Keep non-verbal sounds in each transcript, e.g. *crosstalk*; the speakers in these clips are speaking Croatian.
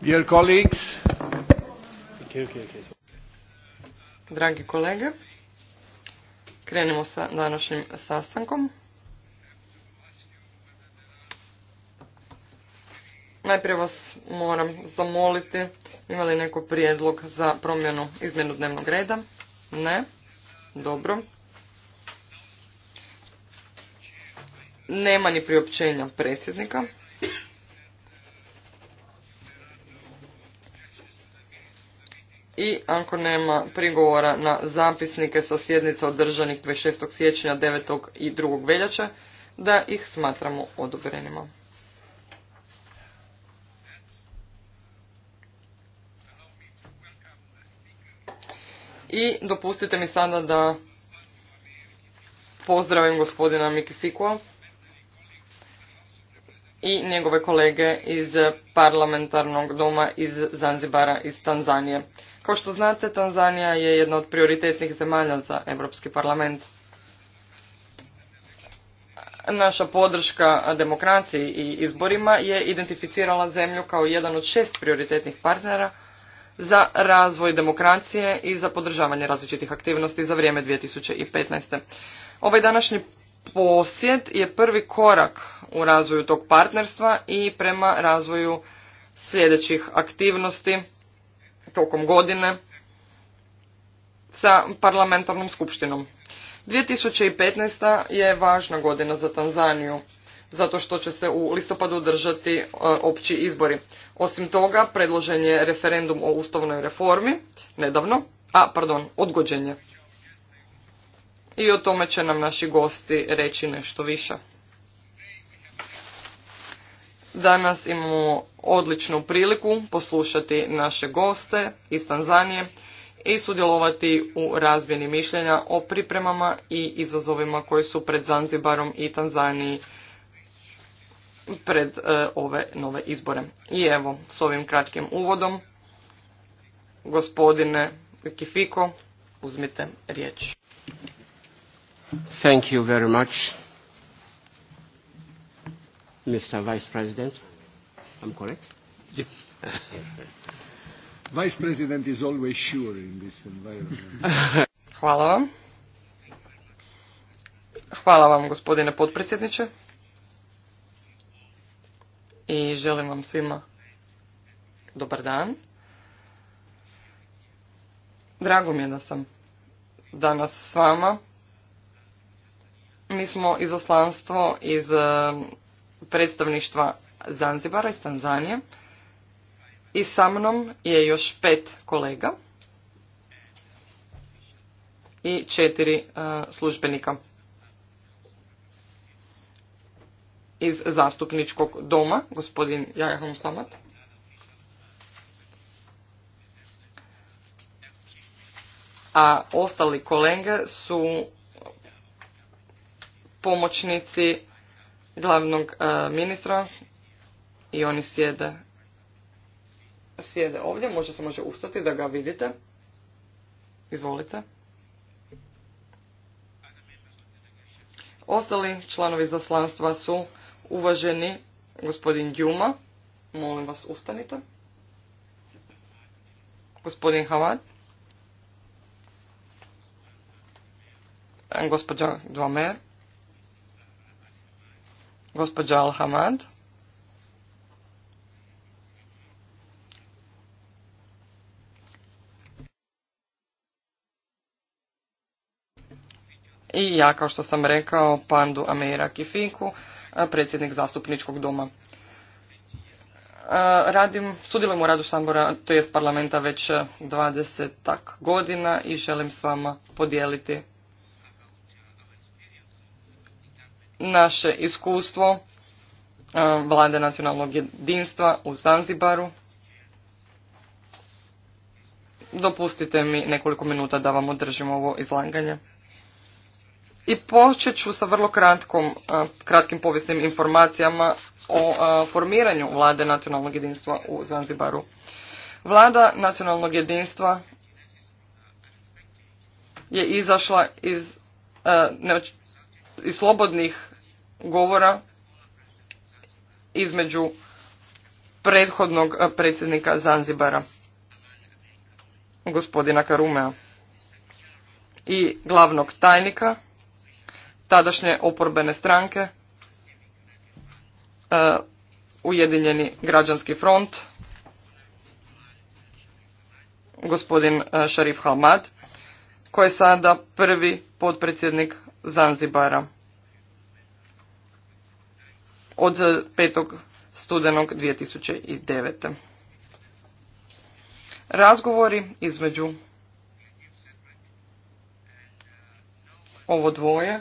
Dear Dragi kolege, krenimo sa današnjim sastankom. Najprije vas moram zamoliti, ima li neko prijedlog za promjenu izmjenu dnevnog reda? Ne? Dobro. Nema ni priopćenja predsjednika. ako nema prigovora na zapisnike sa sjednica održanih 26. siječnja 9. i 2. veljača, da ih smatramo odobrenima. I dopustite mi sada da pozdravim gospodina Miki i njegove kolege iz parlamentarnog doma iz Zanzibara iz Tanzanije. Kao što znate, Tanzanija je jedna od prioritetnih zemalja za Europski parlament. Naša podrška demokraciji i izborima je identificirala zemlju kao jedan od šest prioritetnih partnera za razvoj demokracije i za podržavanje različitih aktivnosti za vrijeme 2015. Ovaj današnji posjet je prvi korak u razvoju tog partnerstva i prema razvoju sljedećih aktivnosti tokom godine sa parlamentarnom skupštinom. 2015. je važna godina za Tanzaniju, zato što će se u listopadu držati e, opći izbori. Osim toga, predložen je referendum o ustavnoj reformi, nedavno, a, pardon, odgođen I o tome će nam naši gosti reći nešto više. Danas imamo odličnu priliku poslušati naše goste iz Tanzanije i sudjelovati u razmjeni mišljenja o pripremama i izazovima koji su pred Zanzibarom i Tanzaniji pred e, ove nove izbore. I evo, s ovim kratkim uvodom, gospodine Kifiko, uzmite riječ. Thank you very much. Mr. Vice President. I'm correct? Yes. Vice President is always sure in this environment. *laughs* Hvala vam. Hvala vam gospodine potpredsjedniče. I želim vam svima dobar dan. Drago mi je da sam danas s vama. Mi smo izoslanstvo iz predstavništva Zanzibara iz Tanzanije i sa mnom je još pet kolega i četiri e, službenika iz zastupničkog doma, gospodin Jajahom Samat. A ostali kolege su pomoćnici glavnog e, ministra i oni sjede sjede ovdje, možda se može ustati da ga vidite. Izvolite. Ostali članovi zaslanstva su uvaženi gospodin Djuma. molim vas ustanite. Gospodin Hamad. Gospođa Dvamer. Gospođa Alhamad. I ja, kao što sam rekao, Pandu Ameira Kifinku, predsjednik zastupničkog doma. Radim, sudjelujem u radu Sambora, to jest parlamenta već 20 tak godina i želim s vama podijeliti naše iskustvo e, vlade nacionalnog jedinstva u Zanzibaru. Dopustite mi nekoliko minuta da vam održim ovo izlaganje. I počet ću sa vrlo kratkom, e, kratkim povijesnim informacijama o e, formiranju vlade nacionalnog jedinstva u Zanzibaru. Vlada nacionalnog jedinstva je izašla iz i slobodnih govora između prethodnog eh, predsjednika Zanzibara, gospodina Karumea, i glavnog tajnika tadašnje oporbene stranke, eh, Ujedinjeni građanski front, gospodin Šarif eh, Halmad, koji je sada prvi potpredsjednik Zanzibara od 5. studenog 2009. Razgovori između ovo dvoje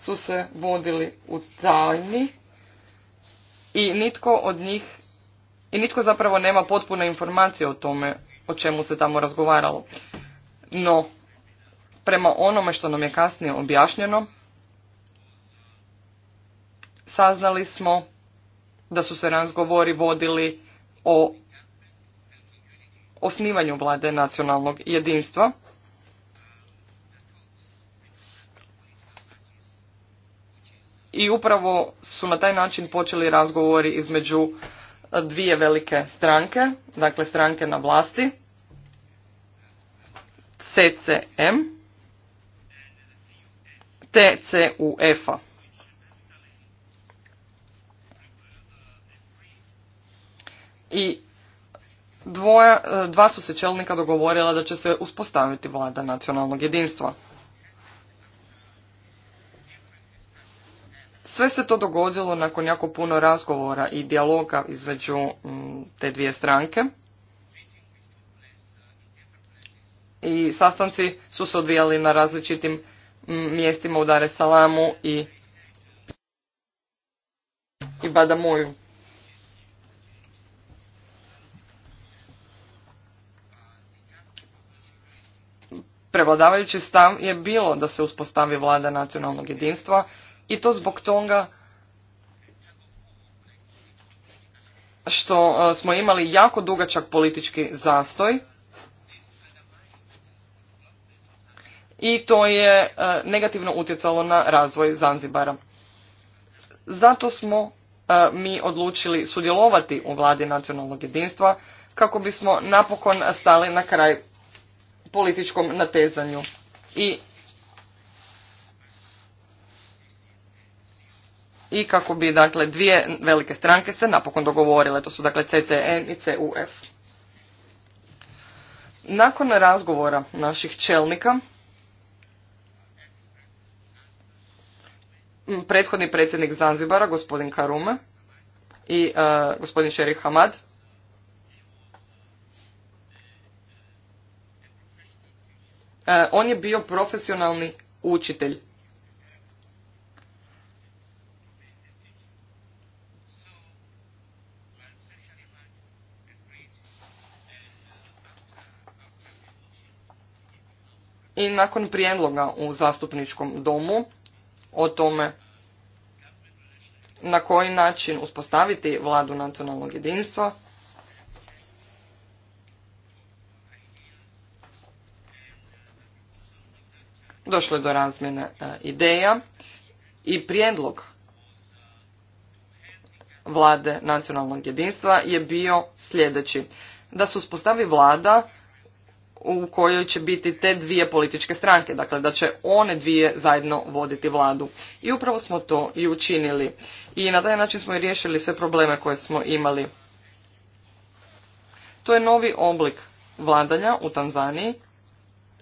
su se vodili u tajni i nitko od njih i nitko zapravo nema potpune informacije o tome o čemu se tamo razgovaralo. No, prema onome što nam je kasnije objašnjeno, saznali smo da su se razgovori vodili o osnivanju vlade nacionalnog jedinstva. I upravo su na taj način počeli razgovori između dvije velike stranke, dakle stranke na vlasti, CCM TCUF-a. I e, dva su se čelnika dogovorila da će se uspostaviti vlada nacionalnog jedinstva. Sve se to dogodilo nakon jako puno razgovora i dijaloga između te dvije stranke. I sastanci su se odvijali na različitim mjestima u Dare Salamu i, i Badamuju. Prevladavajući stav je bilo da se uspostavi vlada nacionalnog jedinstva i to zbog toga što e, smo imali jako dugačak politički zastoj i to je e, negativno utjecalo na razvoj Zanzibara. Zato smo e, mi odlučili sudjelovati u vladi nacionalnog jedinstva kako bismo napokon stali na kraj političkom natezanju i i kako bi dakle dvije velike stranke se napokon dogovorile, to su dakle CCN i CUF. Nakon razgovora naših čelnika prethodni predsjednik Zanzibara, gospodin Karume i e, gospodin Šerif Hamad. E, on je bio profesionalni učitelj. I nakon prijedloga u zastupničkom domu o tome na koji način uspostaviti vladu nacionalnog jedinstva. Došlo je do razmjene e, ideja i prijedlog vlade nacionalnog jedinstva je bio sljedeći. Da se uspostavi vlada u kojoj će biti te dvije političke stranke, dakle da će one dvije zajedno voditi vladu. I upravo smo to i učinili. I na taj način smo i riješili sve probleme koje smo imali. To je novi oblik vladanja u Tanzaniji,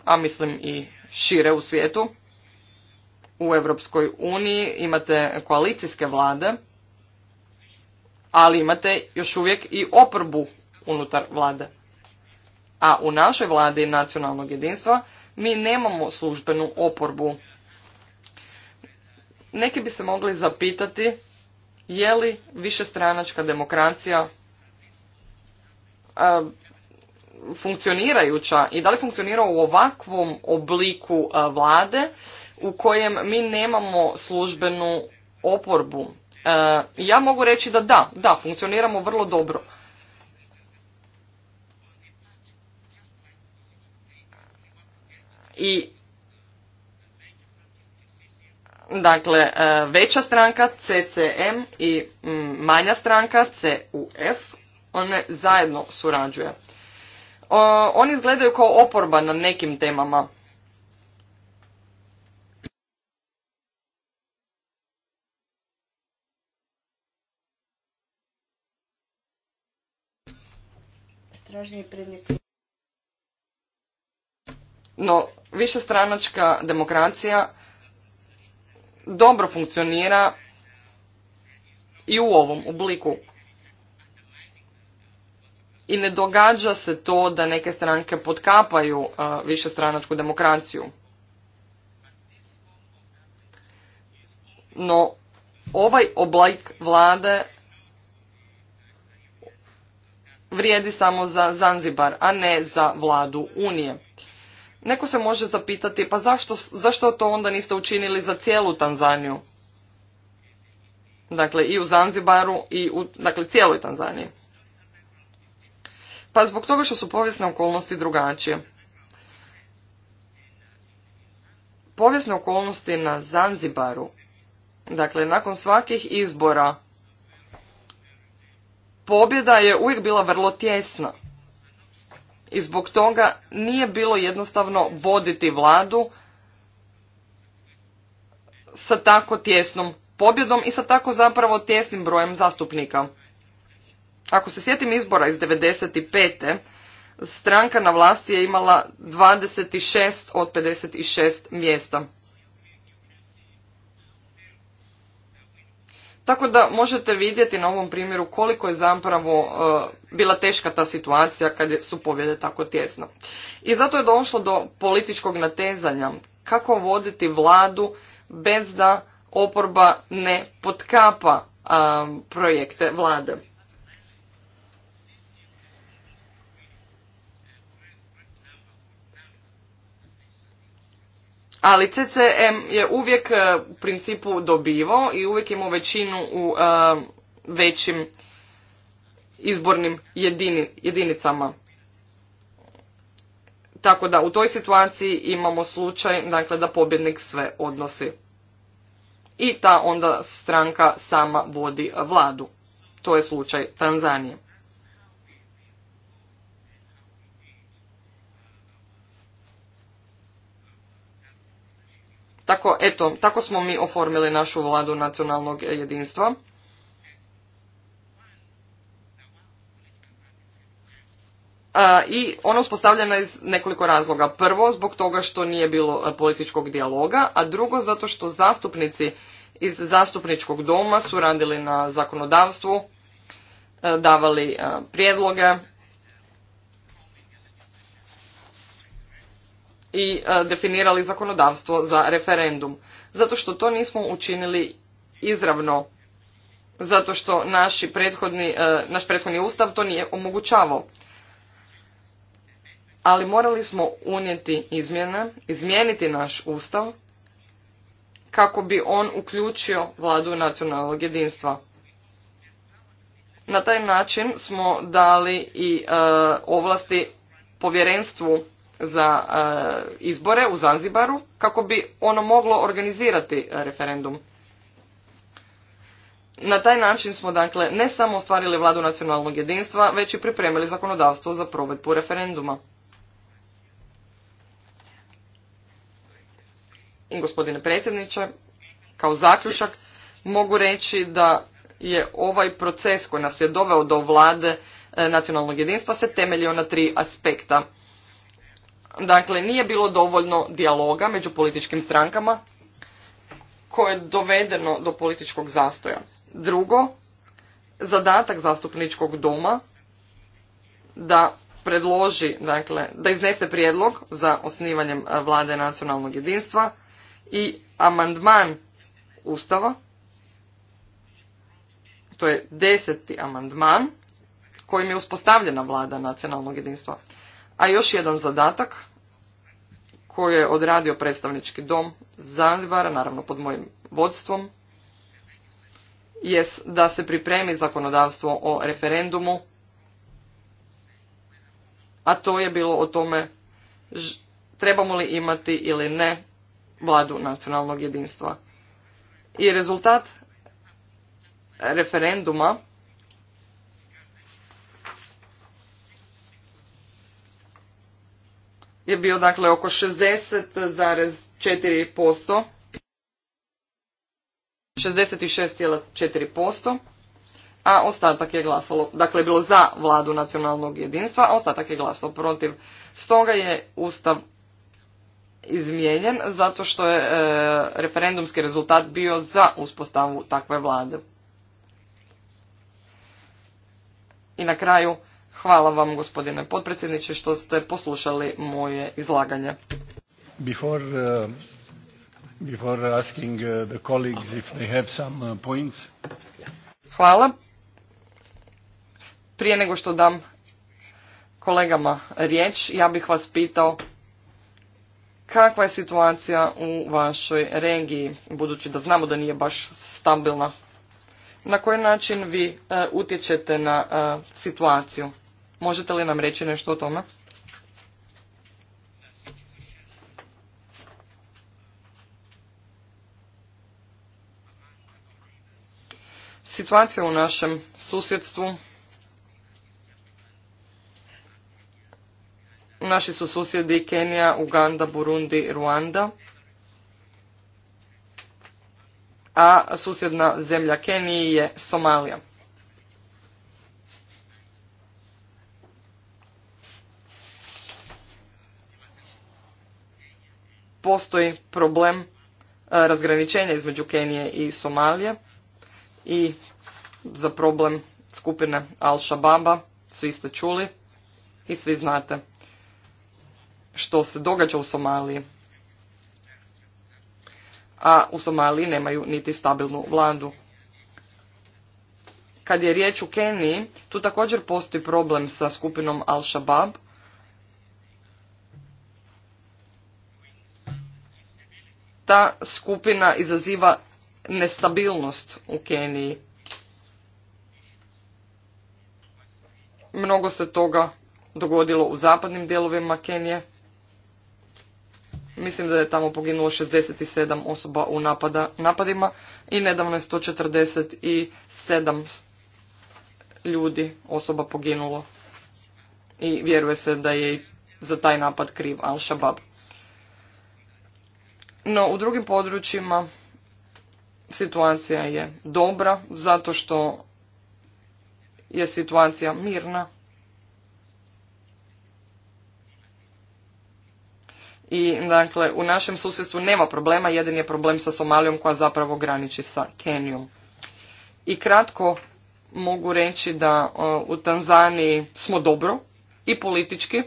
a mislim i šire u svijetu. U Europskoj uniji imate koalicijske vlade, ali imate još uvijek i oporbu unutar vlade. A u našoj vladi nacionalnog jedinstva mi nemamo službenu oporbu. Neki biste mogli zapitati je li višestranačka demokracija funkcionirajuća i da li funkcionira u ovakvom obliku vlade u kojem mi nemamo službenu oporbu. ja mogu reći da da, da, funkcioniramo vrlo dobro. i dakle e, veća stranka CCM i mm, manja stranka CUF one zajedno surađuje. Oni izgledaju kao oporba na nekim temama. No, višestranačka demokracija dobro funkcionira i u ovom obliku. I ne događa se to da neke stranke potkapaju uh, višestranačku demokraciju. No, ovaj oblik vlade vrijedi samo za Zanzibar, a ne za vladu Unije. Neko se može zapitati pa zašto, zašto to onda niste učinili za cijelu Tanzaniju? Dakle i u Zanzibaru i u dakle, cijeloj Tanzaniji. Pa zbog toga što su povijesne okolnosti drugačije. Povijesne okolnosti na Zanzibaru, dakle nakon svakih izbora, pobjeda je uvijek bila vrlo tjesna i zbog toga nije bilo jednostavno voditi vladu sa tako tjesnom pobjedom i sa tako zapravo tjesnim brojem zastupnika. Ako se sjetim izbora iz 95. stranka na vlasti je imala 26 od 56 mjesta. Tako da možete vidjeti na ovom primjeru koliko je zapravo e, bila teška ta situacija kad su pobjede tako tjesno. I zato je došlo do političkog natezanja kako voditi vladu bez da oporba ne potkapa projekte vlade. Ali CCM je uvijek e, u principu dobivao i uvijek imao većinu u e, većim izbornim jedinicama. Tako da u toj situaciji imamo slučaj dakle, da pobjednik sve odnosi. I ta onda stranka sama vodi vladu. To je slučaj Tanzanije. Tako, eto, tako smo mi oformili našu vladu nacionalnog jedinstva. I ona uspostavljena iz nekoliko razloga. Prvo, zbog toga što nije bilo e, političkog dijaloga, a drugo, zato što zastupnici iz zastupničkog doma su radili na zakonodavstvu, e, davali e, prijedloge, i e, definirali zakonodavstvo za referendum. Zato što to nismo učinili izravno, zato što naši prethodni, e, naš prethodni ustav to nije omogućavao. Ali morali smo unijeti izmjene, izmijeniti naš ustav kako bi on uključio vladu nacionalnog jedinstva. Na taj način smo dali i e, ovlasti povjerenstvu za e, izbore u Zanzibaru kako bi ono moglo organizirati e, referendum. Na taj način smo dakle ne samo ostvarili vladu nacionalnog jedinstva, već i pripremili zakonodavstvo za provedbu referenduma. gospodine predsjedniče, kao zaključak mogu reći da je ovaj proces koji nas je doveo do vlade e, nacionalnog jedinstva se temeljio na tri aspekta Dakle, nije bilo dovoljno dijaloga među političkim strankama koje je dovedeno do političkog zastoja. Drugo, zadatak zastupničkog doma da predloži, dakle, da iznese prijedlog za osnivanjem eh, vlade nacionalnog jedinstva i amandman Ustava, to je deseti amandman kojim je uspostavljena vlada nacionalnog jedinstva. A još jedan zadatak koji je odradio predstavnički dom Zanzibara, naravno pod mojim vodstvom, jest da se pripremi zakonodavstvo o referendumu, a to je bilo o tome trebamo li imati ili ne vladu nacionalnog jedinstva. I rezultat referenduma je bio dakle oko 60,4%. 66,4%, a ostatak je glasalo, dakle je bilo za vladu nacionalnog jedinstva, a ostatak je glasalo protiv. Stoga je Ustav izmijenjen zato što je e, referendumski rezultat bio za uspostavu takve vlade. I na kraju Hvala vam gospodine potpredsjedniče što ste poslušali moje izlaganje. Before, uh, asking uh, the colleagues if they have some uh, points. Hvala. Prije nego što dam kolegama riječ, ja bih vas pitao kakva je situacija u vašoj regiji, budući da znamo da nije baš stabilna. Na koji način vi utječete na situaciju? Možete li nam reći nešto o tome? Situacija u našem susjedstvu Naši su susjedi Kenija, Uganda, Burundi, Ruanda. A susjedna zemlja Kenije je Somalija. postoji problem e, razgraničenja između Kenije i Somalije i za problem skupine Al-Shababa, svi ste čuli i svi znate što se događa u Somaliji. A u Somaliji nemaju niti stabilnu vladu. Kad je riječ u Keniji, tu također postoji problem sa skupinom Al-Shabab, ta skupina izaziva nestabilnost u Keniji. Mnogo se toga dogodilo u zapadnim dijelovima Kenije. Mislim da je tamo poginulo 67 osoba u napada, napadima i nedavno je 147 ljudi, osoba poginulo. I vjeruje se da je za taj napad kriv Al-Shabaab. No, u drugim područjima situacija je dobra, zato što je situacija mirna. I, dakle, u našem susjedstvu nema problema, Jedan je problem sa Somalijom koja zapravo graniči sa Kenijom. I kratko mogu reći da u Tanzaniji smo dobro i politički,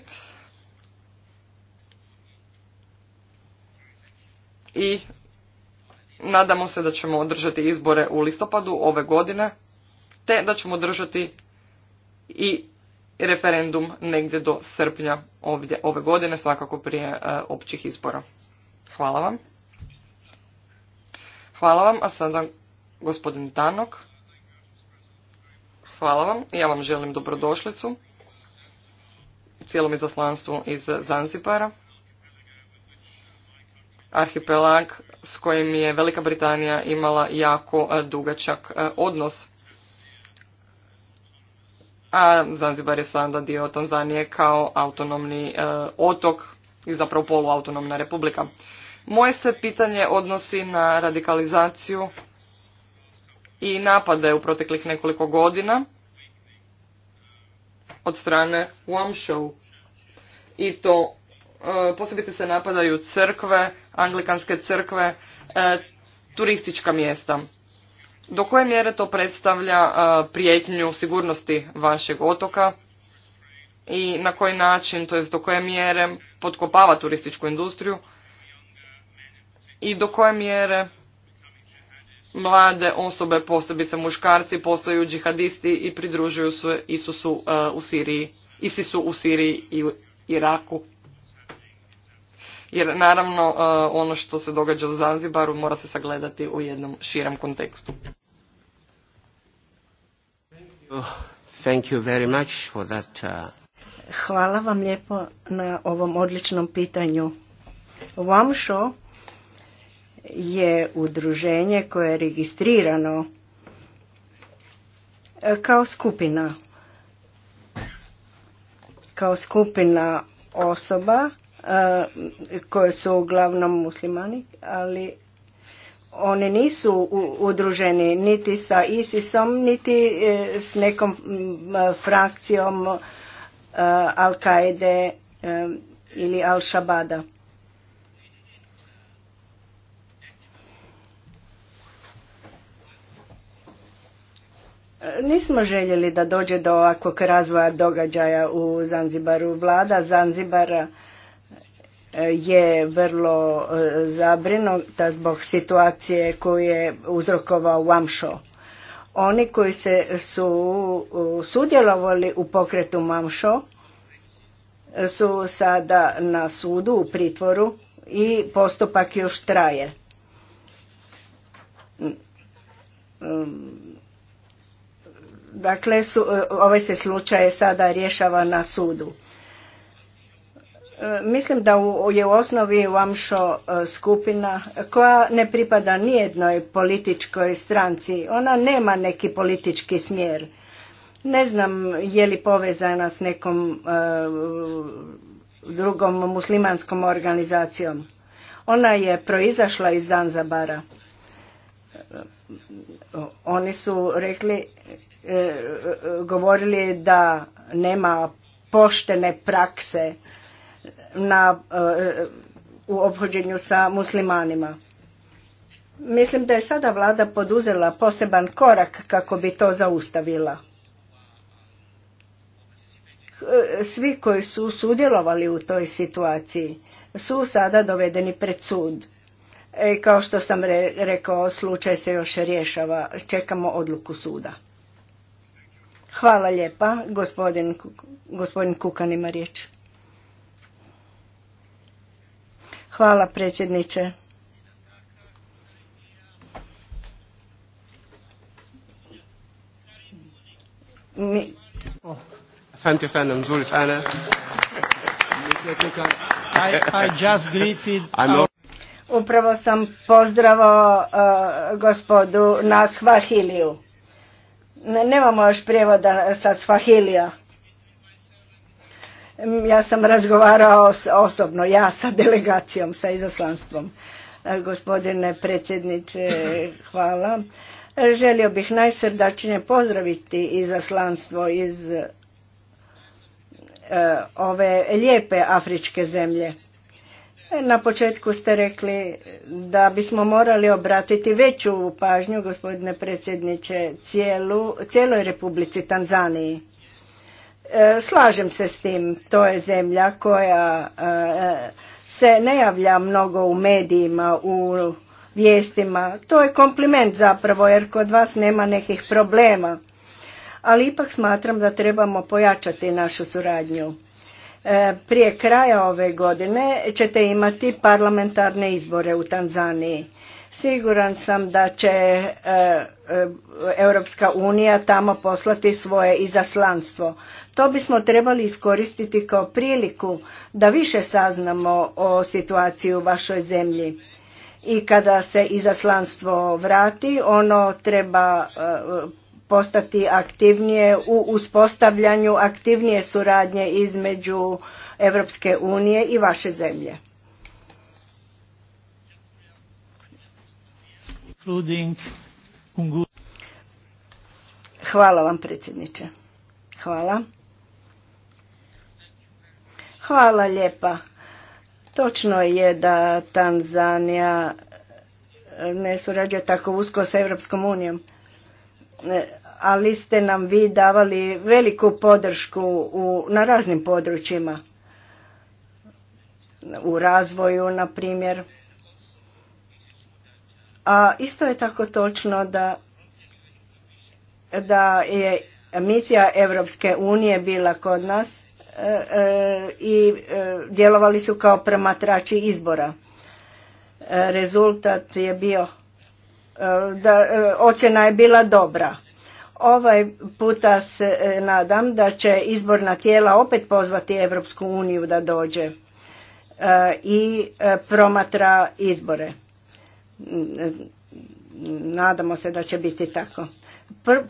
i nadamo se da ćemo održati izbore u listopadu ove godine, te da ćemo održati i referendum negdje do srpnja ovdje ove godine, svakako prije e, općih izbora. Hvala vam. Hvala vam, a sada gospodin Tanok. Hvala vam, ja vam želim dobrodošlicu cijelom izaslanstvu iz Zanzibara arhipelag s kojim je Velika Britanija imala jako e, dugačak e, odnos. A Zanzibar je sada dio Tanzanije kao autonomni e, otok i zapravo poluautonomna republika. Moje se pitanje odnosi na radikalizaciju i napade u proteklih nekoliko godina od strane Wamshow i to E, posebice se napadaju crkve, anglikanske crkve, e, turistička mjesta. Do koje mjere to predstavlja e, prijetnju sigurnosti vašeg otoka i na koji način, to jest do koje mjere potkopava turističku industriju i do koje mjere mlade osobe, posebice muškarci, postaju džihadisti i pridružuju se Isusu u Siriji, Isisu u Siriji i Iraku jer naravno e, ono što se događa u Zanzibaru mora se sagledati u jednom širem kontekstu. Thank you very much for that, uh, Hvala vam lijepo na ovom odličnom pitanju. Wamsho je udruženje koje je registrirano e, kao skupina kao skupina osoba E, koje su uglavnom muslimani, ali oni nisu udruženi niti sa ISISom, niti e, s nekom frakcijom e, Al-Qaide ili Al-Shabada. Nismo željeli da dođe do ovakvog razvoja događaja u Zanzibaru. Vlada Zanzibara je vrlo e, zabrinuta zbog situacije koju je uzrokovao Wamsho. Oni koji se su sudjelovali u pokretu Wamsho su sada na sudu u pritvoru i postupak još traje. Dakle, e, ovaj se slučaj sada rješava na sudu Mislim da je u osnovi Vamšo e, skupina koja ne pripada nijednoj političkoj stranci. Ona nema neki politički smjer. Ne znam je li povezana s nekom e, drugom muslimanskom organizacijom. Ona je proizašla iz Zanzabara. Oni su rekli, e, govorili da nema poštene prakse na, eh, u obhođenju sa muslimanima. Mislim da je sada vlada poduzela poseban korak kako bi to zaustavila. Eh, svi koji su sudjelovali u toj situaciji su sada dovedeni pred sud. E, kao što sam re, rekao, slučaj se još rješava. Čekamo odluku suda. Hvala lijepa. Gospodin, gospodin Kukan ima riječ. Hvala predsjedniče. Upravo sam pozdravo uh, gospodu na Svahiliju. Nemamo još prijevoda sa Svahilija. Ja sam razgovarao osobno, ja sa delegacijom, sa izaslanstvom. E, gospodine predsjedniče, hvala. E, želio bih najsrdačnije pozdraviti izaslanstvo iz e, ove lijepe afričke zemlje. Na početku ste rekli da bismo morali obratiti veću pažnju, gospodine predsjedniče, cijelu, cijeloj Republici Tanzaniji. E, slažem se s tim, to je zemlja koja e, se ne javlja mnogo u medijima, u vijestima. To je kompliment zapravo jer kod vas nema nekih problema. Ali ipak smatram da trebamo pojačati našu suradnju. E, prije kraja ove godine ćete imati parlamentarne izbore u Tanzaniji. Siguran sam da će Europska unija tamo poslati svoje izaslanstvo. To bismo trebali iskoristiti kao priliku da više saznamo o situaciji u vašoj zemlji. I kada se izaslanstvo vrati, ono treba e, postati aktivnije u uspostavljanju aktivnije suradnje između Europske unije i vaše zemlje. Hvala vam predsjedniče. Hvala. Hvala lijepa. Točno je da Tanzanija eh, ne surađuje tako usko sa Europskom unijom, eh, ali ste nam vi davali veliku podršku u, na raznim područjima, u razvoju, na primjer. A isto je tako točno da, da je misija Europske unije bila kod nas E, e, i e, djelovali su kao promatrači izbora. Rezultat je bio, da, ocjena je bila dobra. Ovaj puta se nadam da će izborna tijela opet pozvati Europsku uniju da dođe i promatra izbore. Nadamo se da će biti tako.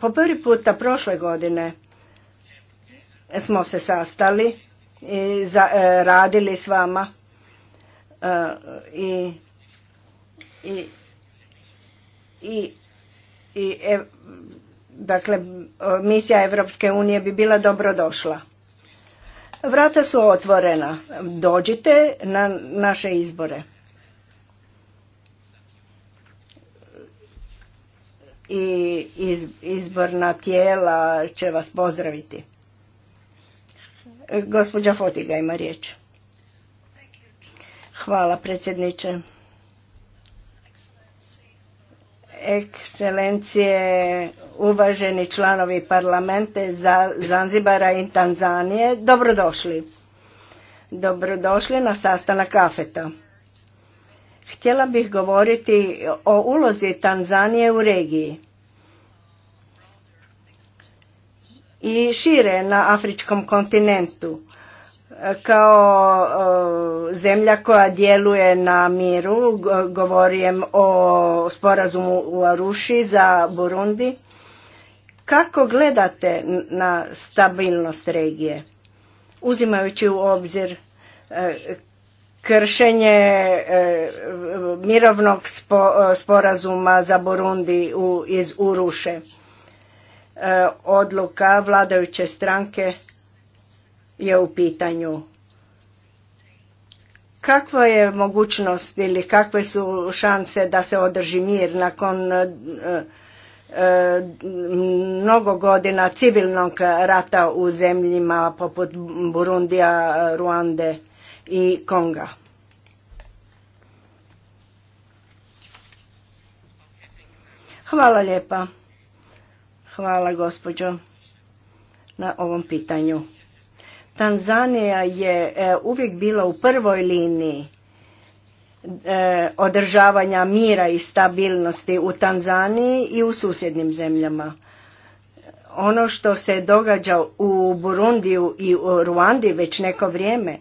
Po prvi puta prošle godine smo se sastali i za, e, radili s vama e, i, i, i, e, dakle misija Evropske unije bi bila dobro došla. Vrata su otvorena. Dođite na naše izbore. I izborna tijela će vas pozdraviti. Gospođa Fotiga ima riječ. Hvala predsjedniče. Ekscelencije, uvaženi članovi parlamente Zanzibara i Tanzanije, dobrodošli. Dobrodošli na sastanak kafeta. Htjela bih govoriti o ulozi Tanzanije u regiji i šire na afričkom kontinentu e, kao e, zemlja koja djeluje na miru, govorim o sporazumu u Aruši za Burundi. Kako gledate na stabilnost regije, uzimajući u obzir e, kršenje mirovnog sporazuma za Burundi iz Uruše? E, odluka vladajuće stranke je u pitanju. Kakva je mogućnost ili kakve su šanse da se održi mir nakon e, e, mnogo godina civilnog rata u zemljima poput Burundija, Ruande i Konga? Hvala lijepa. Hvala gospođo na ovom pitanju. Tanzanija je e, uvijek bila u prvoj liniji e, održavanja mira i stabilnosti u Tanzaniji i u susjednim zemljama. Ono što se događa u Burundiju i u Ruandi već neko vrijeme,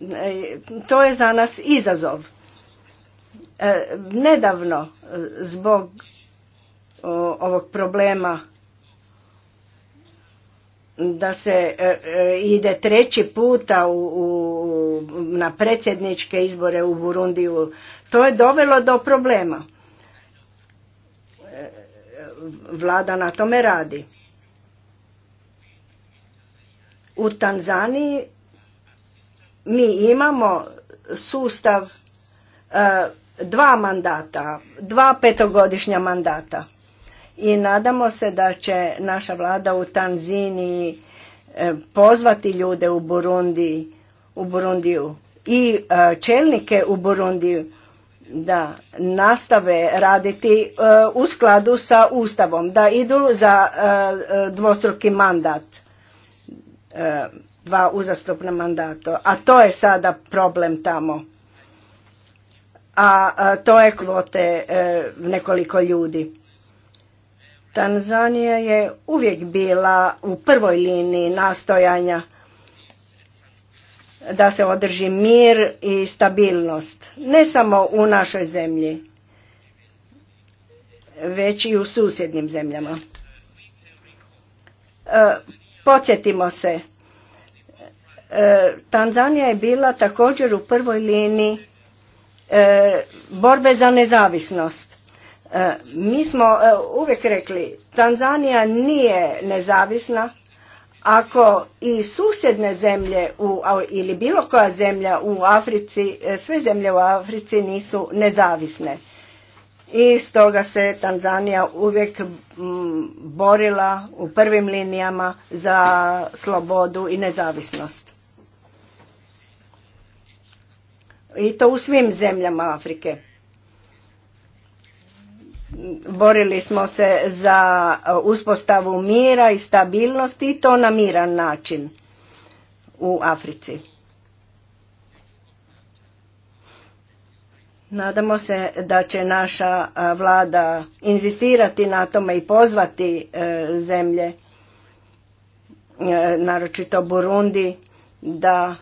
e, to je za nas izazov. Nedavno, zbog ovog problema da se e, e, ide treći puta na predsjedničke izbore u Burundiju. To je dovelo do problema. E, vlada na tome radi. U Tanzaniji mi imamo sustav dva mandata, dva petogodišnja mandata i nadamo se da će naša vlada u Tanziniji e, pozvati ljude u Burundi, u Burundiju i e, čelnike u Burundiju da nastave raditi e, u skladu sa Ustavom, da idu za dvostruki mandat, dva uzastopna mandata, a to je sada problem tamo. A to je kvote nekoliko ljudi Tanzanija je uvijek bila u prvoj liniji nastojanja da se održi mir i stabilnost, ne samo u našoj zemlji, već i u susjednim zemljama. E, podsjetimo se, e, Tanzanija je bila također u prvoj liniji e, borbe za nezavisnost E, mi smo e, uvijek rekli, Tanzanija nije nezavisna ako i susjedne zemlje u, ili bilo koja zemlja u Africi, e, sve zemlje u Africi nisu nezavisne. I stoga se Tanzanija uvijek borila u prvim linijama za slobodu i nezavisnost. I to u svim zemljama Afrike borili smo se za uh, uspostavu mira i stabilnosti i to na miran način u Africi. Nadamo se da će naša uh, vlada inzistirati na tome i pozvati uh, zemlje, naročito Burundi, da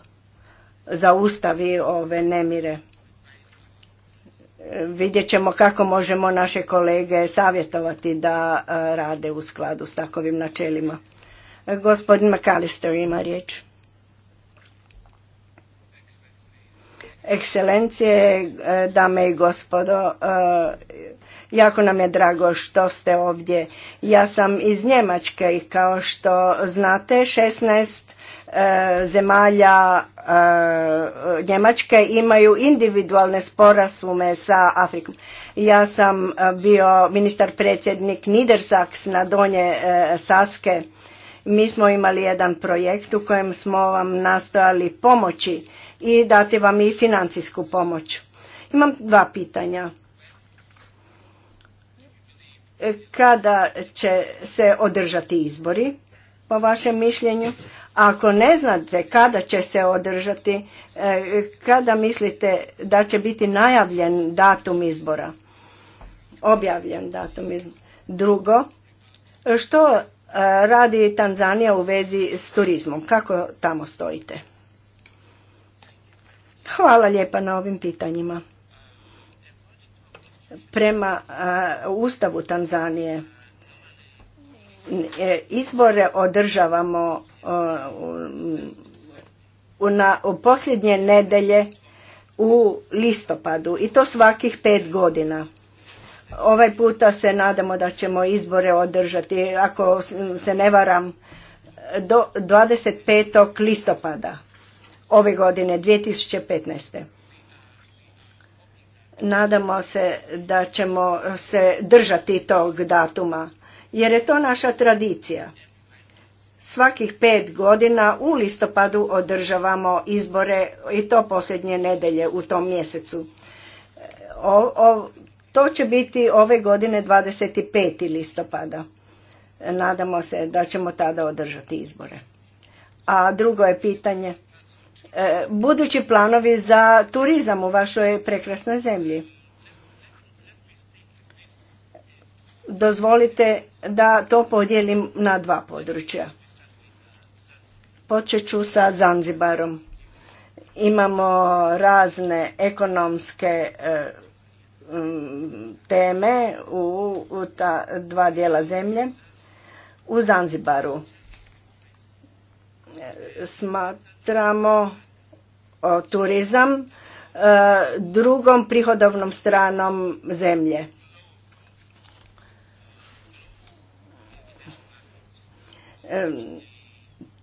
zaustavi ove nemire vidjet ćemo kako možemo naše kolege savjetovati da e, rade u skladu s takovim načelima. Gospodin McAllister ima riječ. Ekscelencije, e, dame i gospodo, e, jako nam je drago što ste ovdje. Ja sam iz Njemačke i kao što znate 16 E, zemalja e, Njemačke imaju individualne sporasume sa Afrikom. Ja sam e, bio ministar predsjednik Nidersaks na donje Saske. Mi smo imali jedan projekt u kojem smo vam nastojali pomoći i dati vam i financijsku pomoć. Imam dva pitanja. Kada će se održati izbori, po vašem mišljenju? Ako ne znate kada će se održati, e, kada mislite da će biti najavljen datum izbora, objavljen datum izbora. Drugo, što e, radi Tanzanija u vezi s turizmom? Kako tamo stojite? Hvala lijepa na ovim pitanjima. Prema e, Ustavu Tanzanije E, izbore održavamo e, na u posljednje nedelje u listopadu i to svakih pet godina. Ovaj puta se nadamo da ćemo izbore održati, ako se ne varam, do 25. listopada ove godine 2015. Nadamo se da ćemo se držati tog datuma jer je to naša tradicija. Svakih pet godina u listopadu održavamo izbore i to posljednje nedelje u tom mjesecu. E, to će biti ove godine 25. listopada. Nadamo se da ćemo tada održati izbore. A drugo je pitanje, e, budući planovi za turizam u vašoj prekrasnoj zemlji. Dozvolite da to podijelim na dva područja. Počet ću sa Zanzibarom. Imamo razne ekonomske e, mm, teme u, ta dva dijela zemlje. U Zanzibaru e, smatramo o, turizam e, drugom prihodovnom stranom zemlje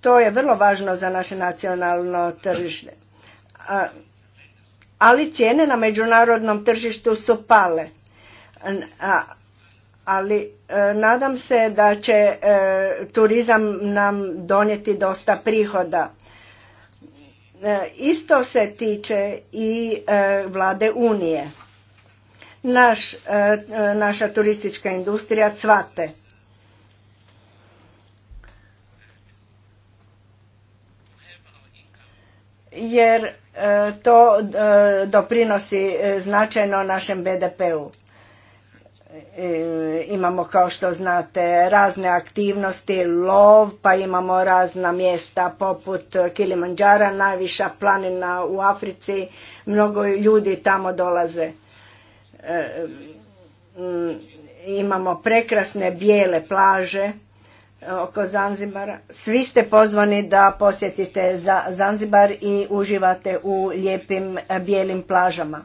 To je vrlo važno za naše nacionalno tržište. Ali cijene na međunarodnom tržištu su pale. Ali e, nadam se da će e, turizam nam donijeti dosta prihoda. E, isto se tiče i vlade Unije. naša turistička industrija cvate jer e, to e, doprinosi e, značajno našem BDP-u. Imamo kao što znate razne aktivnosti, lov, pa imamo razna mjesta poput Kilimanjara, najviša planina u Africi, mnogo ljudi tamo dolaze. Imamo prekrasne bijele plaže oko Zanzibara. Svi ste pozvani da posjetite za Zanzibar i uživate u lijepim e, bijelim plažama.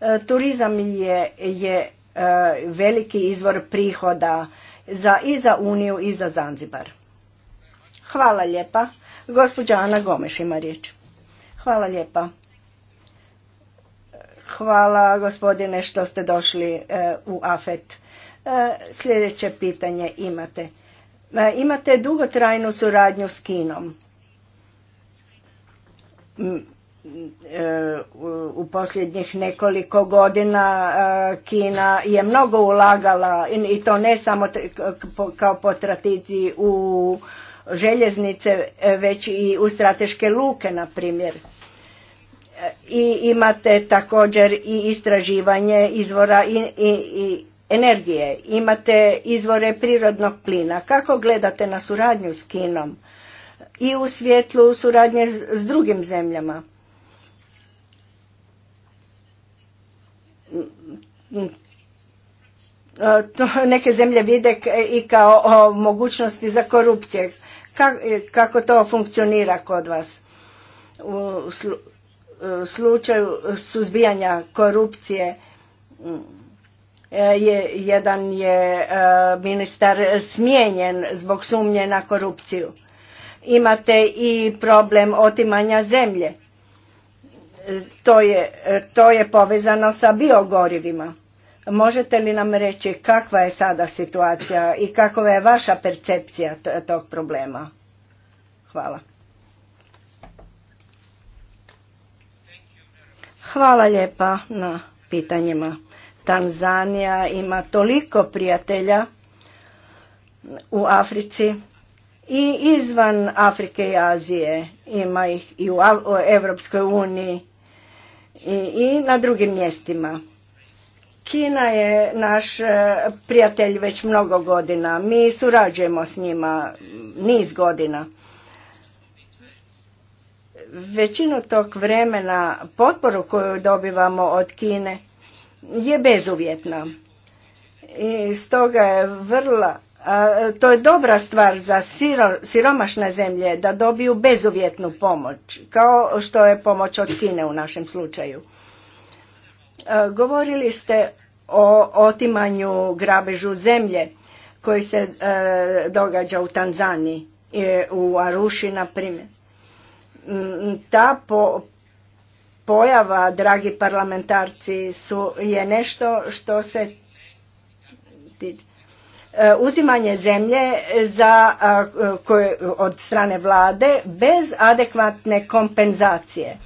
E, turizam je, je e, veliki izvor prihoda za, i za Uniju i za Zanzibar. Hvala lijepa. Gospođa Ana Gomeš ima riječ. Hvala lijepa. Hvala gospodine što ste došli u AFET. Sljedeće pitanje imate. E, imate dugotrajnu suradnju s Kinom. E, u posljednjih nekoliko godina e, Kina je mnogo ulagala i to ne samo kao po tradiciji u željeznice već i u strateške luke na primjer i imate također i istraživanje izvora i, i, i energije, imate izvore prirodnog plina. Kako gledate na suradnju s Kinom i u svjetlu suradnje s drugim zemljama? E, to neke zemlje vide i kao mogućnosti za korupcije. E, kako to funkcionira kod vas? U e, slučaju suzbijanja korupcije E, jedan je e, ministar smijenjen zbog sumnje na korupciju. Imate i problem otimanja zemlje. E, to je, to je povezano sa biogorivima. Možete li nam reći kakva je sada situacija i kakva je vaša percepcija tog problema? Hvala. Hvala lijepa na pitanjima. Tanzanija ima toliko prijatelja u Africi i izvan Afrike i Azije ima ih i u Europskoj uniji i, i na drugim mjestima. Kina je naš e, prijatelj već mnogo godina. Mi surađujemo s njima niz godina. Većinu tog vremena potporu koju dobivamo od Kine je bezuvjetna. I stoga je vrla to je dobra stvar za siromašne zemlje da dobiju bezuvjetnu pomoć, kao što je pomoć od Kine u našem slučaju. Govorili ste o otimanju grabežu zemlje koji se e, događa u Tanzaniji, e, u Aruši na primjer. Mm, ta po, pojava, dragi parlamentarci, su, je nešto što se e, uzimanje zemlje za, koje, od strane vlade bez adekvatne kompenzacije.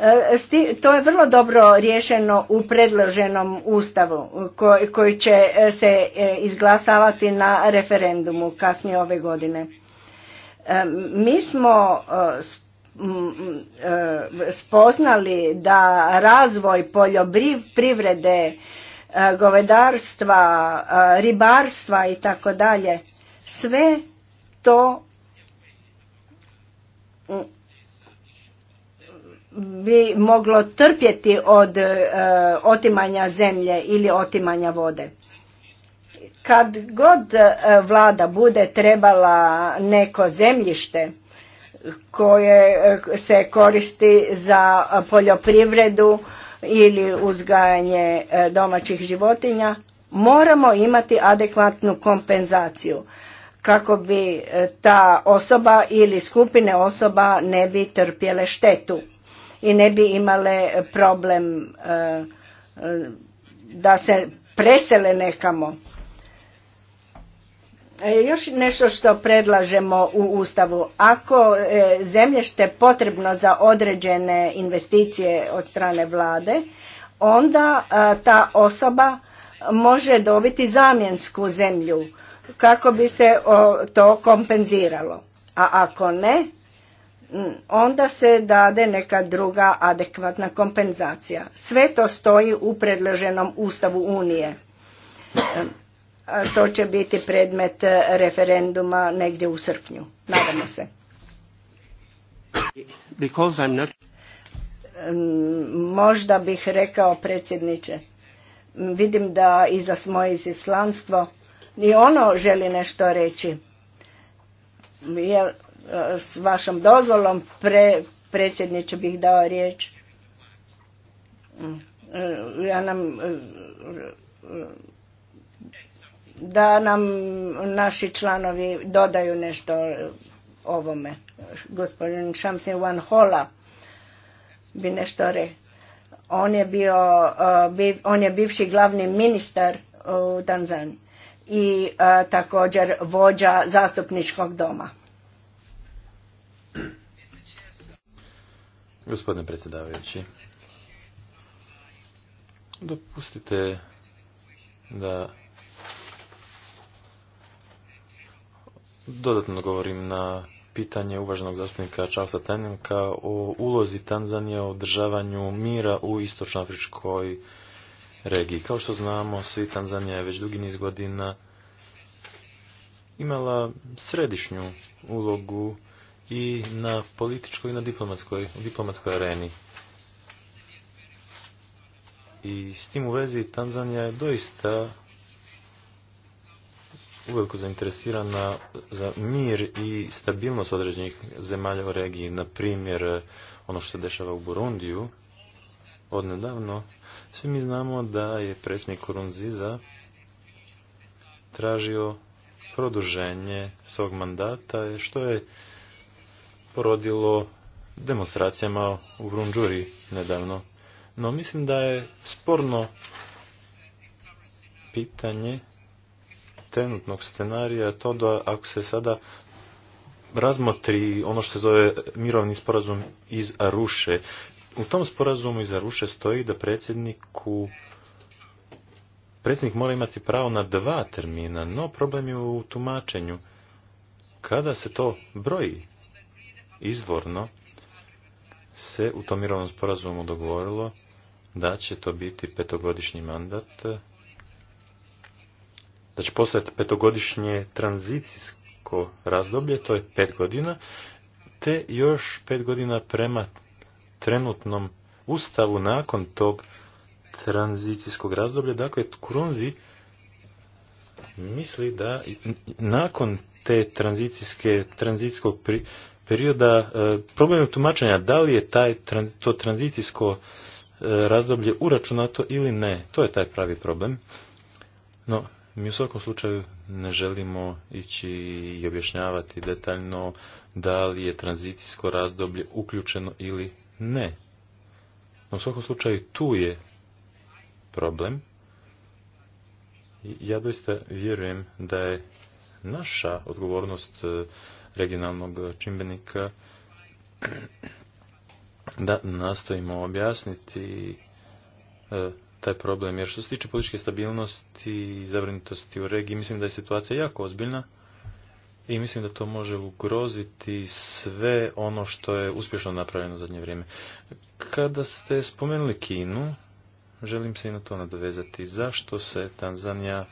E, to je vrlo dobro riješeno u predloženom ustavu koji će e, se izglasavati na referendumu kasnije ove godine. Mi smo E, spoznali da razvoj poljoprivrede, e, govedarstva, e, ribarstva i tako dalje, sve to bi moglo trpjeti od otimanja zemlje ili otimanja vode. Kad god vlada bude trebala neko zemljište, koje eh, se koristi za poljoprivredu ili uzgajanje eh, domaćih životinja, moramo imati adekvatnu kompenzaciju kako bi eh, ta osoba ili skupine osoba ne bi trpjele štetu i ne bi imale problem da se presele nekamo E, još nešto što predlažemo u Ustavu. Ako e, zemljište potrebno za određene investicije od strane vlade, onda e, ta osoba može dobiti zamjensku zemlju kako bi se to kompenziralo. A ako ne, onda se dade neka druga adekvatna kompenzacija. Sve to stoji u predloženom Ustavu Unije. To će biti predmet e, referenduma negdje u srpnju. Nadamo se. Možda bih rekao predsjedniče, vidim da iza moje islanstvo ni ono želi nešto reći. je e, s vašom dozvolom pre, predsjedniče bih dao riječ. Mm, e, ja nam da nam naši članovi dodaju nešto ovome. Gospodin Šamsin Van Hola bi nešto re. On je bio, uh, on je bivši glavni ministar u Tanzaniji i uh, također vođa zastupničkog doma. Gospodine predsjedavajući, dopustite da dodatno govorim na pitanje uvaženog zastupnika Charlesa Tenenka o ulozi Tanzanije o održavanju mira u istočnoafričkoj regiji. Kao što znamo, svi Tanzanija je već dugi niz godina imala središnju ulogu i na političkoj i na diplomatskoj, diplomatskoj areni. I s tim u vezi Tanzanija je doista uveliko zainteresirana za mir i stabilnost određenih zemalja u regiji. Na primjer, ono što se dešava u Burundiju, odnedavno, svi mi znamo da je predsjednik Kurunziza tražio produženje svog mandata, što je porodilo demonstracijama u Brunđuri nedavno. No mislim da je sporno pitanje trenutnog scenarija je to da ako se sada razmotri ono što se zove mirovni sporazum iz Aruše, u tom sporazumu iz Aruše stoji da predsjedniku predsjednik mora imati pravo na dva termina, no problem je u tumačenju. Kada se to broji izvorno, se u tom mirovnom sporazumu dogovorilo da će to biti petogodišnji mandat da znači, će postojati petogodišnje tranzicijsko razdoblje, to je pet godina, te još pet godina prema trenutnom ustavu nakon tog tranzicijskog razdoblja. Dakle, Kronzi misli da nakon te tranzicijske, tranzicijskog perioda e, problem tumačenja da li je taj, to tranzicijsko e, razdoblje uračunato ili ne. To je taj pravi problem. No, mi u svakom slučaju ne želimo ići i objašnjavati detaljno da li je tranzicijsko razdoblje uključeno ili ne. No, u svakom slučaju tu je problem. Ja doista vjerujem da je naša odgovornost e, regionalnog čimbenika da nastojimo objasniti e, taj problem. Jer što se tiče političke stabilnosti i zabrinutosti u regiji, mislim da je situacija jako ozbiljna i mislim da to može ugroziti sve ono što je uspješno napravljeno u zadnje vrijeme. Kada ste spomenuli Kinu, želim se i na to nadovezati. Zašto se Tanzanija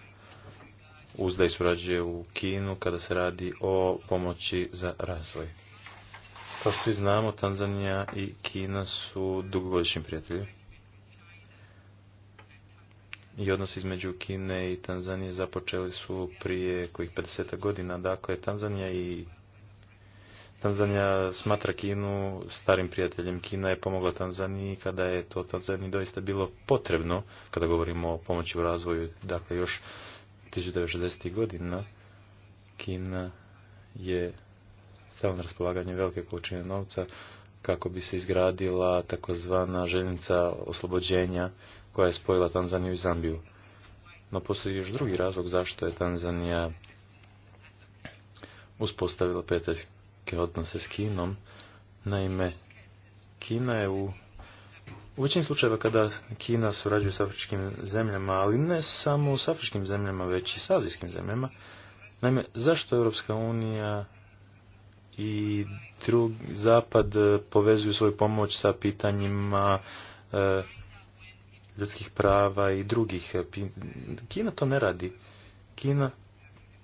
uzda i surađuje u Kinu kada se radi o pomoći za razvoj? Kao što i znamo, Tanzanija i Kina su dugogodišnji prijatelji i odnos između Kine i Tanzanije započeli su prije kojih 50 godina. Dakle, Tanzanija i Tanzanija smatra Kinu starim prijateljem. Kina je pomogla Tanzaniji kada je to Tanzaniji doista bilo potrebno, kada govorimo o pomoći u razvoju, dakle još 1960. godina Kina je stala na raspolaganje velike količine novca kako bi se izgradila takozvana željeznica oslobođenja koja je spojila Tanzaniju i Zambiju. No postoji još drugi razlog zašto je Tanzanija uspostavila prijateljske odnose s Kinom. Naime, Kina je u u većini slučajeva kada Kina surađuje s afričkim zemljama, ali ne samo s afričkim zemljama, već i s azijskim zemljama, naime, zašto Europska unija i drug zapad povezuju svoju pomoć sa pitanjima e, ljudskih prava i drugih. Eh, Kina to ne radi. Kina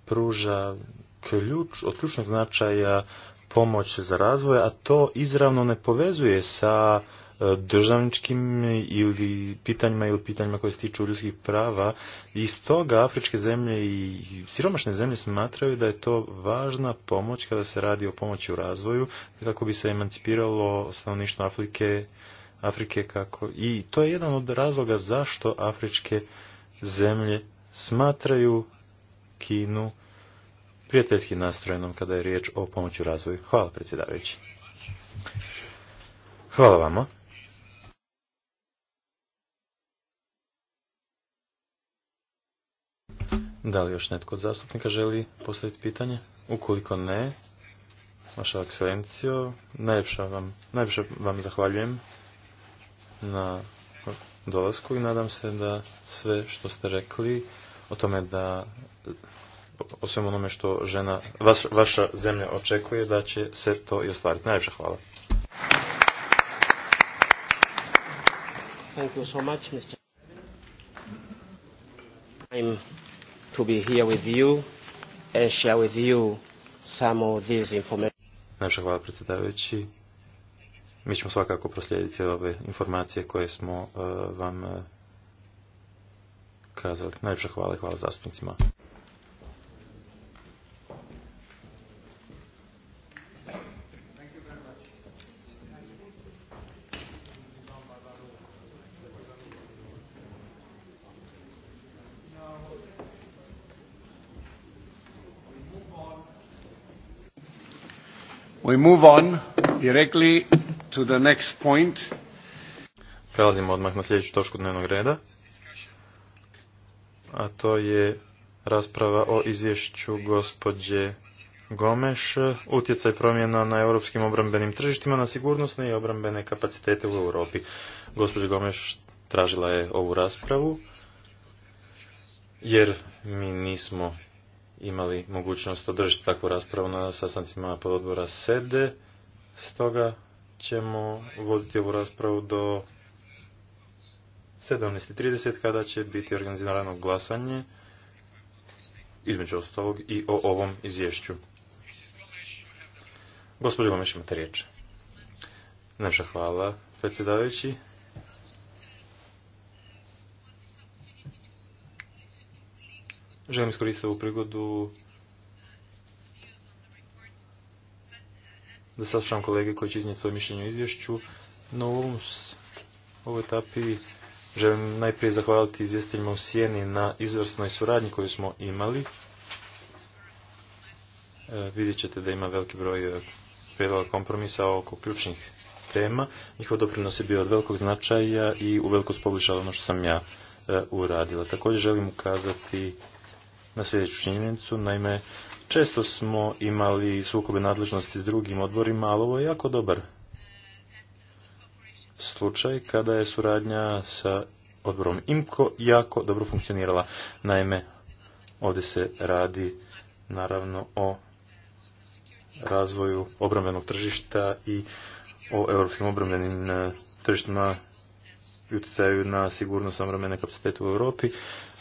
pruža ključ, od ključnog značaja pomoć za razvoj, a to izravno ne povezuje sa eh, državničkim ili pitanjima ili pitanjima koje se tiču ljudskih prava. I stoga afričke zemlje i siromašne zemlje smatraju da je to važna pomoć kada se radi o pomoći u razvoju kako bi se emancipiralo stanovništvo Afrike Afrike kako i to je jedan od razloga zašto afričke zemlje smatraju Kinu prijateljski nastrojenom kada je riječ o pomoći razvoju. Hvala predsjedavajući. Hvala vama. Da li još netko od zastupnika želi postaviti pitanje? Ukoliko ne, vaša ekscelencijo, najviše vam, vam zahvaljujem na dolasku i nadam se da sve što ste rekli o tome da o svem onome što žena, vaš, vaša zemlja očekuje da će se to i ostvariti. Najljepša hvala. Thank you so much, Mr. I'm to be here with you and share with you some of this information. Najljepša hvala predsjedavajući. Mi ćemo svakako proslijediti ove informacije koje smo e, vam e, kazali. Najljepša hvala i hvala zastupnicima. We move on directly next point. Prelazimo odmah na sljedeću točku dnevnog reda, a to je rasprava o izvješću gospođe Gomeš, utjecaj promjena na europskim obrambenim tržištima na sigurnosne i obrambene kapacitete u Europi. Gospođa Gomeš tražila je ovu raspravu jer mi nismo imali mogućnost održati takvu raspravu na sastancima pododbora SEDE, stoga ćemo voditi ovu raspravu do 17.30 kada će biti organizirano glasanje između ostalog i o ovom izvješću. Gospođo Gomeš, imate riječ. Naša hvala, predsjedavajući. Želim iskoristiti ovu prigodu da saslušam kolege koji će iznijeti svoje mišljenje o izvješću, no u ovom, ovoj etapi želim najprije zahvaliti izvjestiteljima u Sjeni na izvrsnoj suradnji koju smo imali. E, vidjet ćete da ima veliki broj e, prijedloga kompromisa oko ključnih tema. Njihov doprinos je bio od velikog značaja i u veliko spoblišalo ono što sam ja e, uradila. Također želim ukazati na sljedeću činjenicu, naime Često smo imali sukobe nadležnosti s drugim odborima, ali ovo je jako dobar slučaj kada je suradnja sa odborom IMCO jako dobro funkcionirala. Naime, ovdje se radi naravno o razvoju obrambenog tržišta i o europskim obrambenim eh, tržištima i utjecaju na sigurnost obrambene kapacitete u Europi.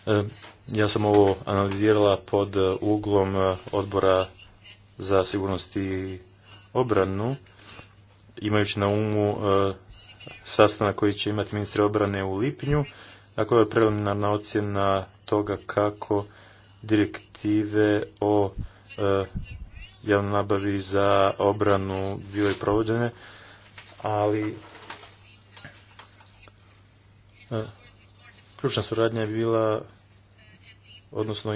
E, ja sam ovo analizirala pod e, uglom e, odbora za sigurnost i obranu, imajući na umu sastanak koji će imati ministri obrane u lipnju. Dakle, ovo je preliminarna ocjena toga kako direktive o javnoj nabavi za obranu bio je provođene, ali ključna suradnja je bila odnosno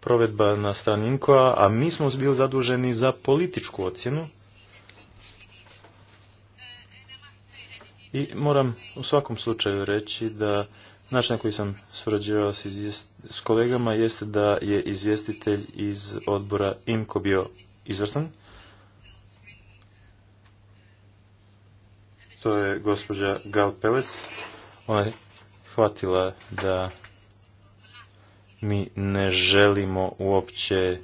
provedba na strani inkoa a mi smo bili zaduženi za političku ocjenu. I moram u svakom slučaju reći da način na koji sam surađivao s, kolegama jeste da je izvjestitelj iz odbora IMKO bio izvrstan. To je gospođa Gal Peles. Ona je hvatila da mi ne želimo uopće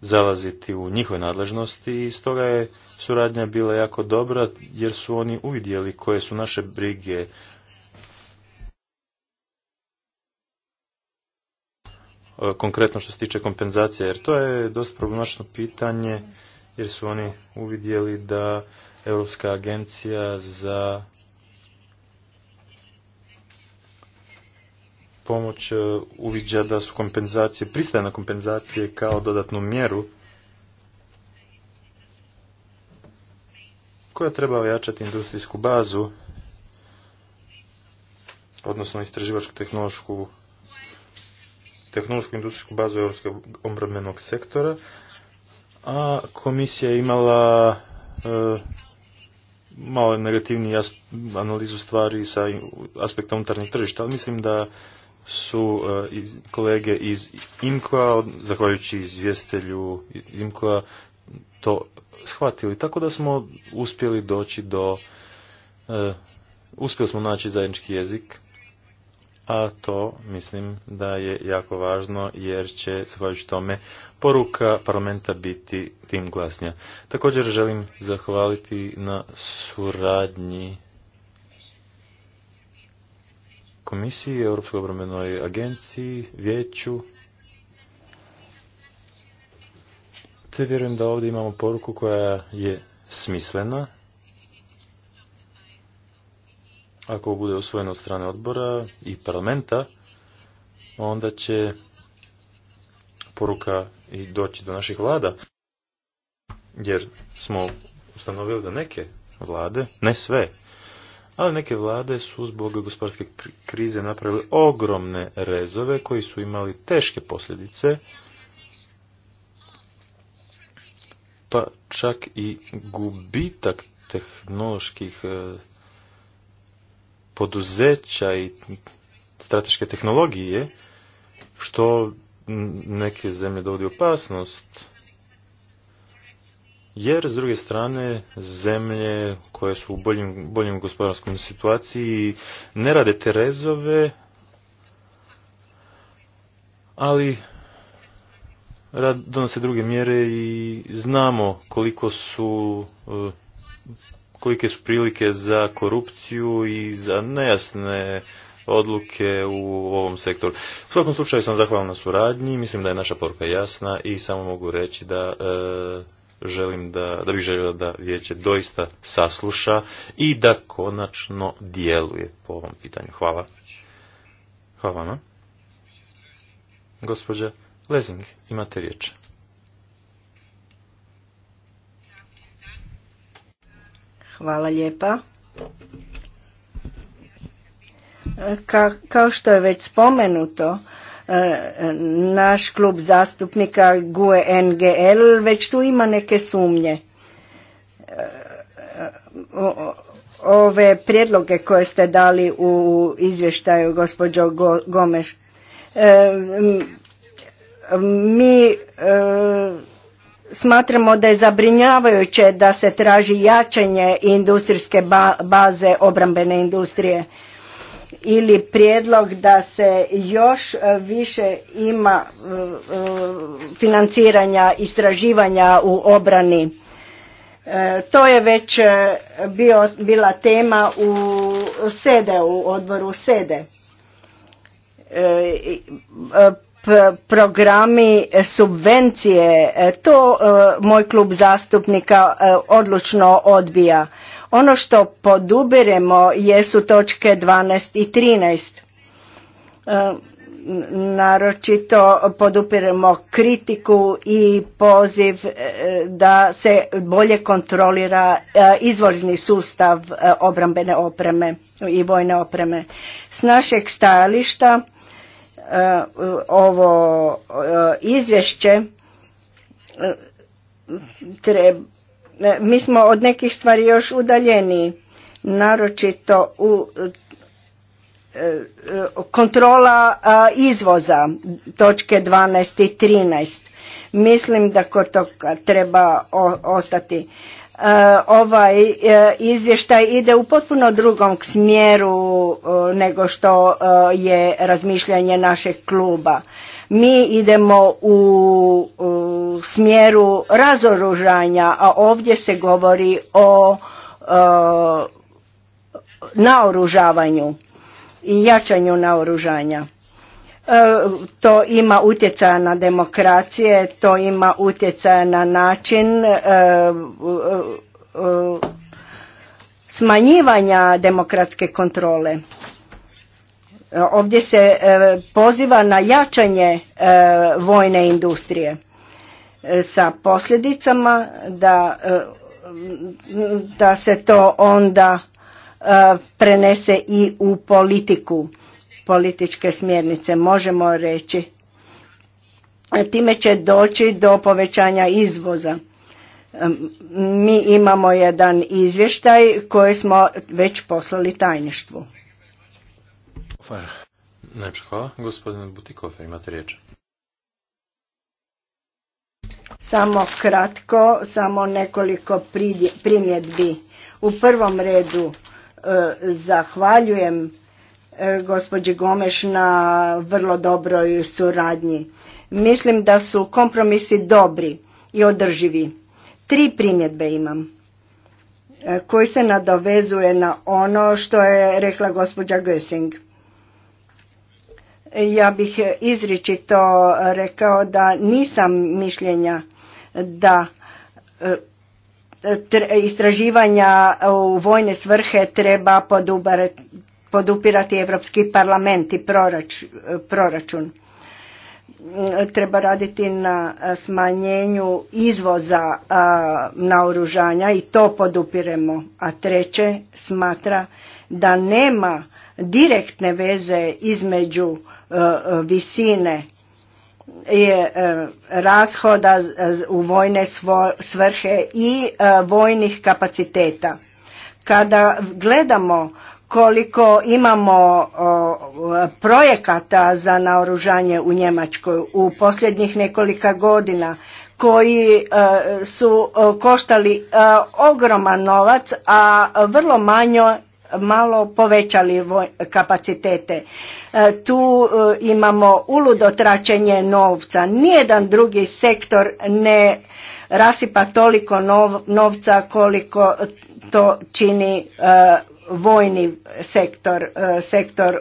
zalaziti u njihove nadležnosti i stoga je suradnja bila jako dobra jer su oni uvidjeli koje su naše brige. E, konkretno što se tiče kompenzacije, jer to je dosta problemačno pitanje jer su oni uvidjeli da Europska agencija za pomoć e, uviđa da su kompenzacije, na kompenzacije kao dodatnu mjeru koja treba ojačati industrijsku bazu, odnosno istraživačku tehnološku tehnološku industrijsku bazu europskog obrambenog sektora, a komisija je imala e, malo negativni analizu stvari sa aspekta unutarnjeg tržišta, ali mislim da su e, kolege iz INKO-a, zahvaljujući izvjestelju INKO-a, to shvatili. Tako da smo uspjeli doći do, e, uspjeli smo naći zajednički jezik, a to mislim da je jako važno jer će, zahvaljujući tome, poruka parlamenta biti tim glasnija. Također želim zahvaliti na suradnji komisiji, Europskoj obrambenoj agenciji, vijeću. Te vjerujem da ovdje imamo poruku koja je smislena. Ako bude usvojeno od strane odbora i parlamenta, onda će poruka i doći do naših vlada. Jer smo ustanovili da neke vlade, ne sve, ali neke vlade su zbog gospodarske krize napravili ogromne rezove koji su imali teške posljedice, pa čak i gubitak tehnoloških e, poduzeća i strateške tehnologije, što neke zemlje dovodi opasnost jer s druge strane zemlje koje su u boljim, boljim gospodarskom situaciji ne rade terezove, ali rad, donose druge mjere i znamo koliko su e, kolike su prilike za korupciju i za nejasne odluke u ovom sektoru. U svakom slučaju sam zahvalan na suradnji, mislim da je naša poruka jasna i samo mogu reći da e, želim da, da bih želio da vijeće doista sasluša i da konačno djeluje po ovom pitanju. Hvala. Hvala vama. Gospođa Lezing, imate riječ. Hvala lijepa. kao što je već spomenuto, E, naš klub zastupnika GUE NGL već tu ima neke sumnje. E, ove prijedloge koje ste dali u izvještaju gospođo Gomeš, e, mi smatramo da je zabrinjavajuće da se traži jačanje industrijske baze obrambene industrije ili prijedlog da se još više ima e, e, financiranja istraživanja u obrani e, to je već bio, bila tema u sede u odboru sede programi subvencije to moj klub zastupnika odlučno odbija ono što podubiremo jesu točke 12 i 13. E, naročito podupiremo kritiku i poziv e, da se bolje kontrolira e, izvorni sustav obrambene opreme i vojne opreme. S našeg stajališta ovo izvješće treba E, mi smo od nekih stvari još udaljeni, naročito u e, e, kontrola izvoza točke 12 i 13. Mislim da kod toga treba ostati. Ovaj izvještaj ide u potpuno drugom smjeru nego što je razmišljanje našeg kluba. Mi idemo u, smjeru razoružanja, a ovdje se govori o e, naoružavanju i jačanju naoružanja. E, to ima utjecaja na demokracije, to ima utjecaja na način e, smanjivanja demokratske kontrole. Ovdje se e, poziva na jačanje e, vojne industrije e, sa posljedicama da, da se to onda prenese i u politiku, političke smjernice. Možemo reći time će doći do povećanja izvoza. Mi imamo jedan izvještaj koji smo već poslali tajništvu. Hvala. hvala. gospodin Butikofer, imate riječ. Samo kratko, samo nekoliko primjedbi. U prvom redu e, zahvaljujem e, gospođi Gomeš na vrlo dobroj suradnji. Mislim da su kompromisi dobri i održivi. Tri primjedbe imam e, koji se nadovezuje na ono što je rekla gospođa Gösing ja bih izričito rekao da nisam mišljenja da e, istraživanja u vojne svrhe treba podupirati Europski parlament i proračun. Treba raditi na smanjenju izvoza naoružanja i to podupiremo. A treće, smatra da nema direktne veze između e, visine je e, rashoda u vojne svrhe i e, vojnih kapaciteta. Kada gledamo koliko imamo projekata za naoružanje u Njemačkoj u posljednjih nekolika godina koji su koštali ogroman novac, a vrlo manjo malo povećali kapacitete. E, tu e, imamo uludo novca. Nijedan drugi sektor ne rasipa toliko novca koliko to čini e, vojni sektor, sektor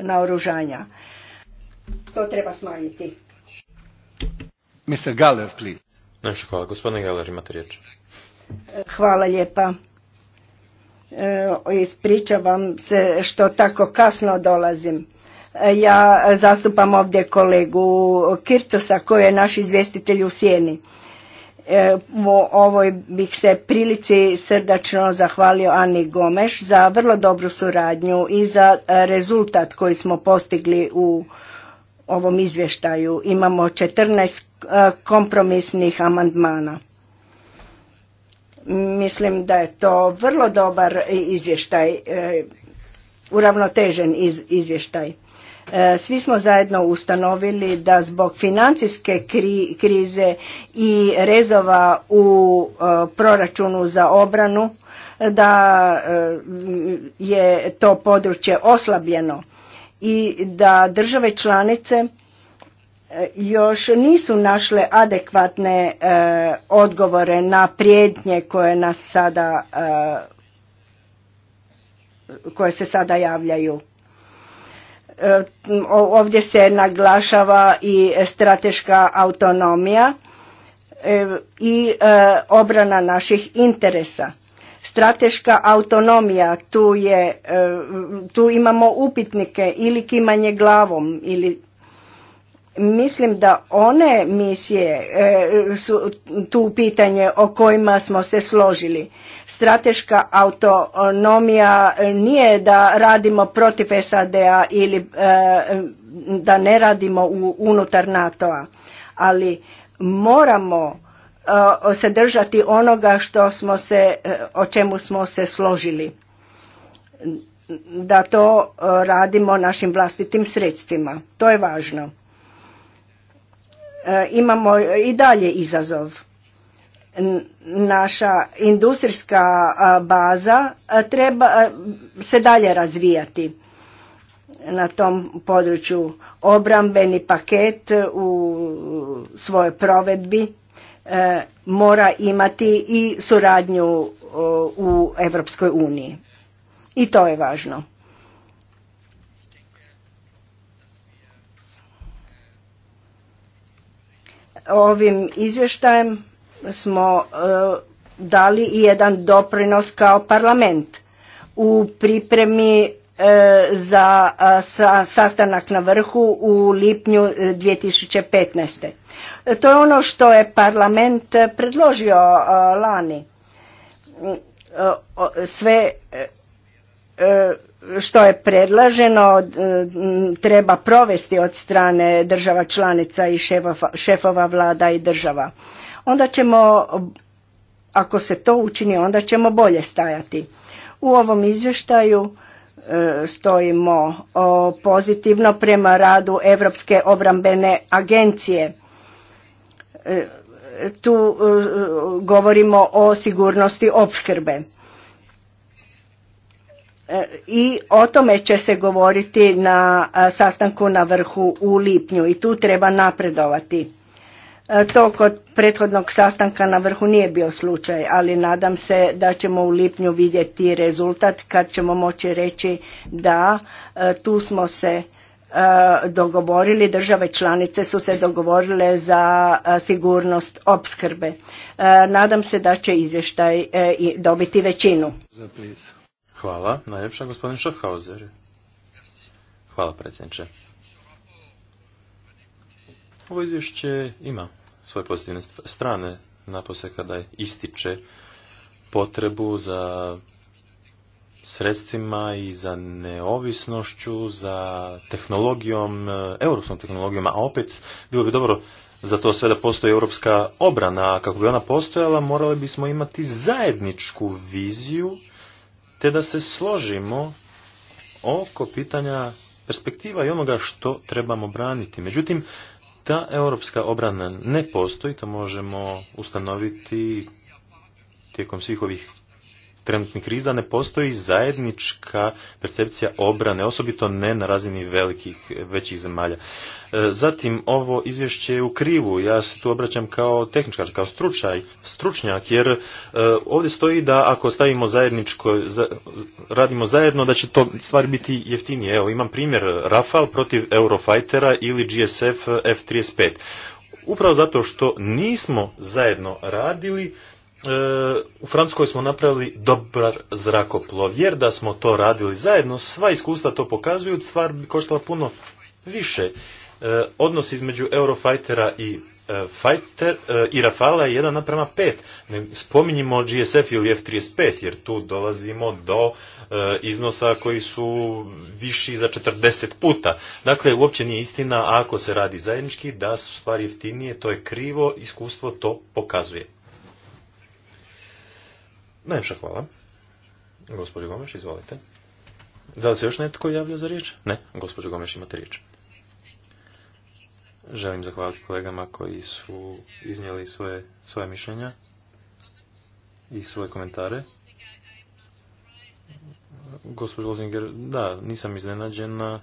naoružanja. To treba smanjiti. Mr. Galler, please. hvala. Gospodine Galler, imate riječ. Hvala lijepa. E, ispričavam se što tako kasno dolazim. E, ja zastupam ovdje kolegu Kircosa koji je naš izvjestitelj u Sjeni. E, u ovoj bih se prilici srdačno zahvalio Ani Gomeš za vrlo dobru suradnju i za rezultat koji smo postigli u ovom izvještaju. Imamo 14 kompromisnih amandmana Mislim da je to vrlo dobar izvještaj, e, uravnotežen izvještaj. E, svi smo zajedno ustanovili da zbog financijske krize i rezova u e, proračunu za obranu da je to područje oslabljeno i da države članice još nisu našle adekvatne e, odgovore na prijetnje koje nas sada e, koje se sada javljaju. E, ovdje se naglašava i strateška autonomija i obrana naših interesa. Strateška autonomija, tu, je, tu imamo upitnike ili kimanje glavom ili Mislim da one misije e, su tu pitanje o kojima smo se složili. Strateška autonomija nije da radimo protiv SAD-a ili e, da ne radimo unutar NATO-a, ali moramo e, se držati onoga što smo se, o čemu smo se složili. Da to radimo našim vlastitim sredstvima. To je važno. E, imamo i dalje izazov. Naša industrijska baza treba se dalje razvijati na tom području obrambeni paket u svojoj provedbi e, mora imati i suradnju u Europskoj uniji. I to je važno. Ovim izvještajem smo e, dali i jedan doprinos kao parlament u pripremi e, za sastanak na vrhu u lipnju 2015. E, to je ono što je parlament predložio lani. Sve što je predlaženo e, treba provesti od strane država članica i šefova, šefova vlada i država. Onda ćemo, ako se to učini, onda ćemo bolje stajati. U ovom izvještaju e, stojimo pozitivno prema radu Europske obrambene agencije. E, tu govorimo o sigurnosti opskrbe E, i o tome će se govoriti na e, sastanku na vrhu u lipnju i tu treba napredovati. E, to kod prethodnog sastanka na vrhu nije bio slučaj, ali nadam se da ćemo u lipnju vidjeti rezultat kad ćemo moći reći da tu smo se dogovorili, države članice su se dogovorile za sigurnost opskrbe. Nadam se da će izvještaj dobiti većinu. Hvala. Najljepša gospodin Schaffhauser. Hvala predsjedniče. Ovo izvješće ima svoje pozitivne strane, napose kada ističe potrebu za sredstvima i za neovisnošću, za tehnologijom, e, europskom tehnologijom, a opet bilo bi dobro za to sve da postoji europska obrana, a kako bi ona postojala morali bismo imati zajedničku viziju te da se složimo oko pitanja perspektiva i onoga što trebamo braniti. Međutim, ta europska obrana ne postoji, to možemo ustanoviti tijekom svih ovih trenutnih kriza ne postoji zajednička percepcija obrane, osobito ne na razini velikih, većih zemalja. E, zatim, ovo izvješće je u krivu, ja se tu obraćam kao tehničar, kao stručaj, stručnjak, jer e, ovdje stoji da ako stavimo zajedničko, radimo zajedno, da će to stvari biti jeftinije. Evo, imam primjer Rafal protiv Eurofightera ili GSF F-35. Upravo zato što nismo zajedno radili, E, u Francuskoj smo napravili dobar zrakoplov, jer da smo to radili zajedno, sva iskustva to pokazuju, stvar bi koštala puno više. E, odnos između Eurofightera i e, e i Rafala je 1 naprema 5. Ne spominjimo GSF ili F-35 jer tu dolazimo do iznosa koji su viši za 40 puta. Dakle, uopće nije istina ako se radi zajednički da su stvari jeftinije, to je krivo, iskustvo to pokazuje. Najljepša hvala. Gospođo Gomeš, izvolite. Da li se još netko javlja za riječ? Ne, gospođo Gomeš, imate riječ. Želim zahvaliti kolegama koji su iznijeli svoje, svoje mišljenja i svoje komentare. Gospođo Lozinger, da, nisam iznenađena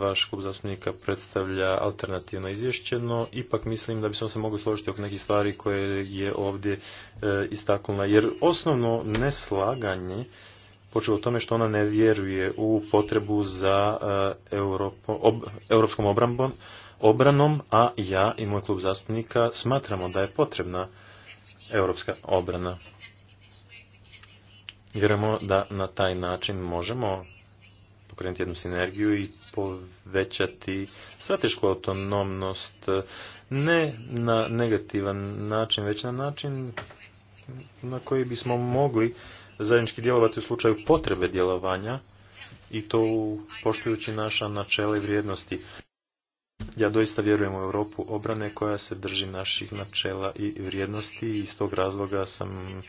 vaš klub zastupnika predstavlja alternativno izvješće, no ipak mislim da bismo se mogli složiti oko nekih stvari koje je ovdje e, istaknula. Jer osnovno neslaganje počeo u tome što ona ne vjeruje u potrebu za e, europskom obranom, a ja i moj klub zastupnika smatramo da je potrebna europska obrana. Vjerujemo da na taj način možemo pokrenuti jednu sinergiju i povećati stratešku autonomnost ne na negativan način, već na način na koji bismo mogli zajednički djelovati u slučaju potrebe djelovanja i to poštujući naša načela i vrijednosti. Ja doista vjerujem u Europu obrane koja se drži naših načela i vrijednosti i iz tog razloga sam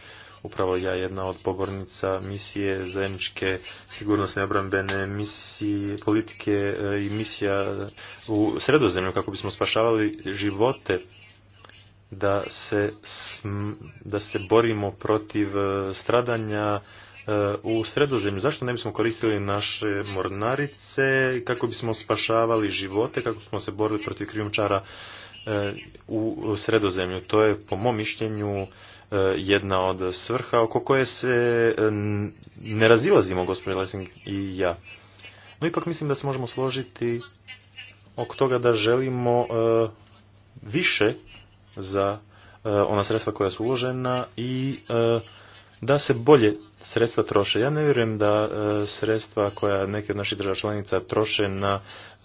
upravo ja jedna od pobornica misije zajedničke sigurnosne obrambene misije, politike e, i misija u sredozemlju kako bismo spašavali živote da se, da se borimo protiv e, stradanja e, u sredozemlju. Zašto ne bismo koristili naše mornarice kako bismo spašavali živote, kako bismo se borili protiv krijumčara u sredozemlju? To je po mom mišljenju E, jedna od svrha oko koje se e, ne razilazimo, gospodin Lesing i ja. No ipak mislim da se možemo složiti oko toga da želimo e, više za ona sredstva koja su uložena i da se bolje sredstva troše. Ja ne vjerujem da e, sredstva koja neke od naših država članica troše na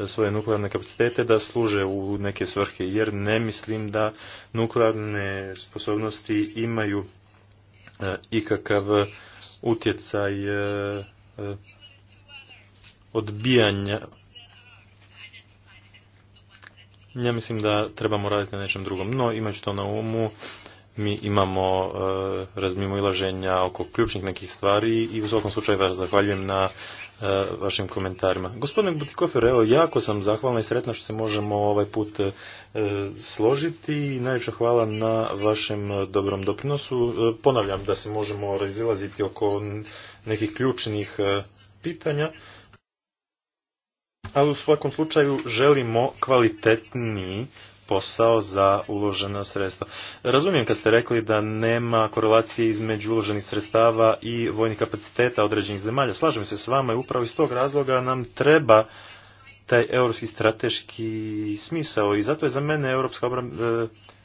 svoje nuklearne kapacitete da služe u neke svrhe, jer ne mislim da nuklearne sposobnosti imaju e, ikakav utjecaj e, odbijanja ja mislim da trebamo raditi na nečem drugom. No, imajući to na umu, mi imamo e, razmimo ilaženja oko ključnih nekih stvari i u svakom slučaju vas zahvaljujem na e, vašim komentarima. Gospodine Butikofer, evo, jako sam zahvalna i sretna što se možemo ovaj put e, složiti i najviše hvala na vašem dobrom doprinosu. E, ponavljam da se možemo razilaziti oko nekih ključnih pitanja, ali u svakom slučaju želimo kvalitetniji posao za uložena sredstva. Razumijem kad ste rekli da nema korelacije između uloženih sredstava i vojnih kapaciteta određenih zemalja. Slažem se s vama i upravo iz tog razloga nam treba taj europski strateški smisao i zato je za mene Europska e,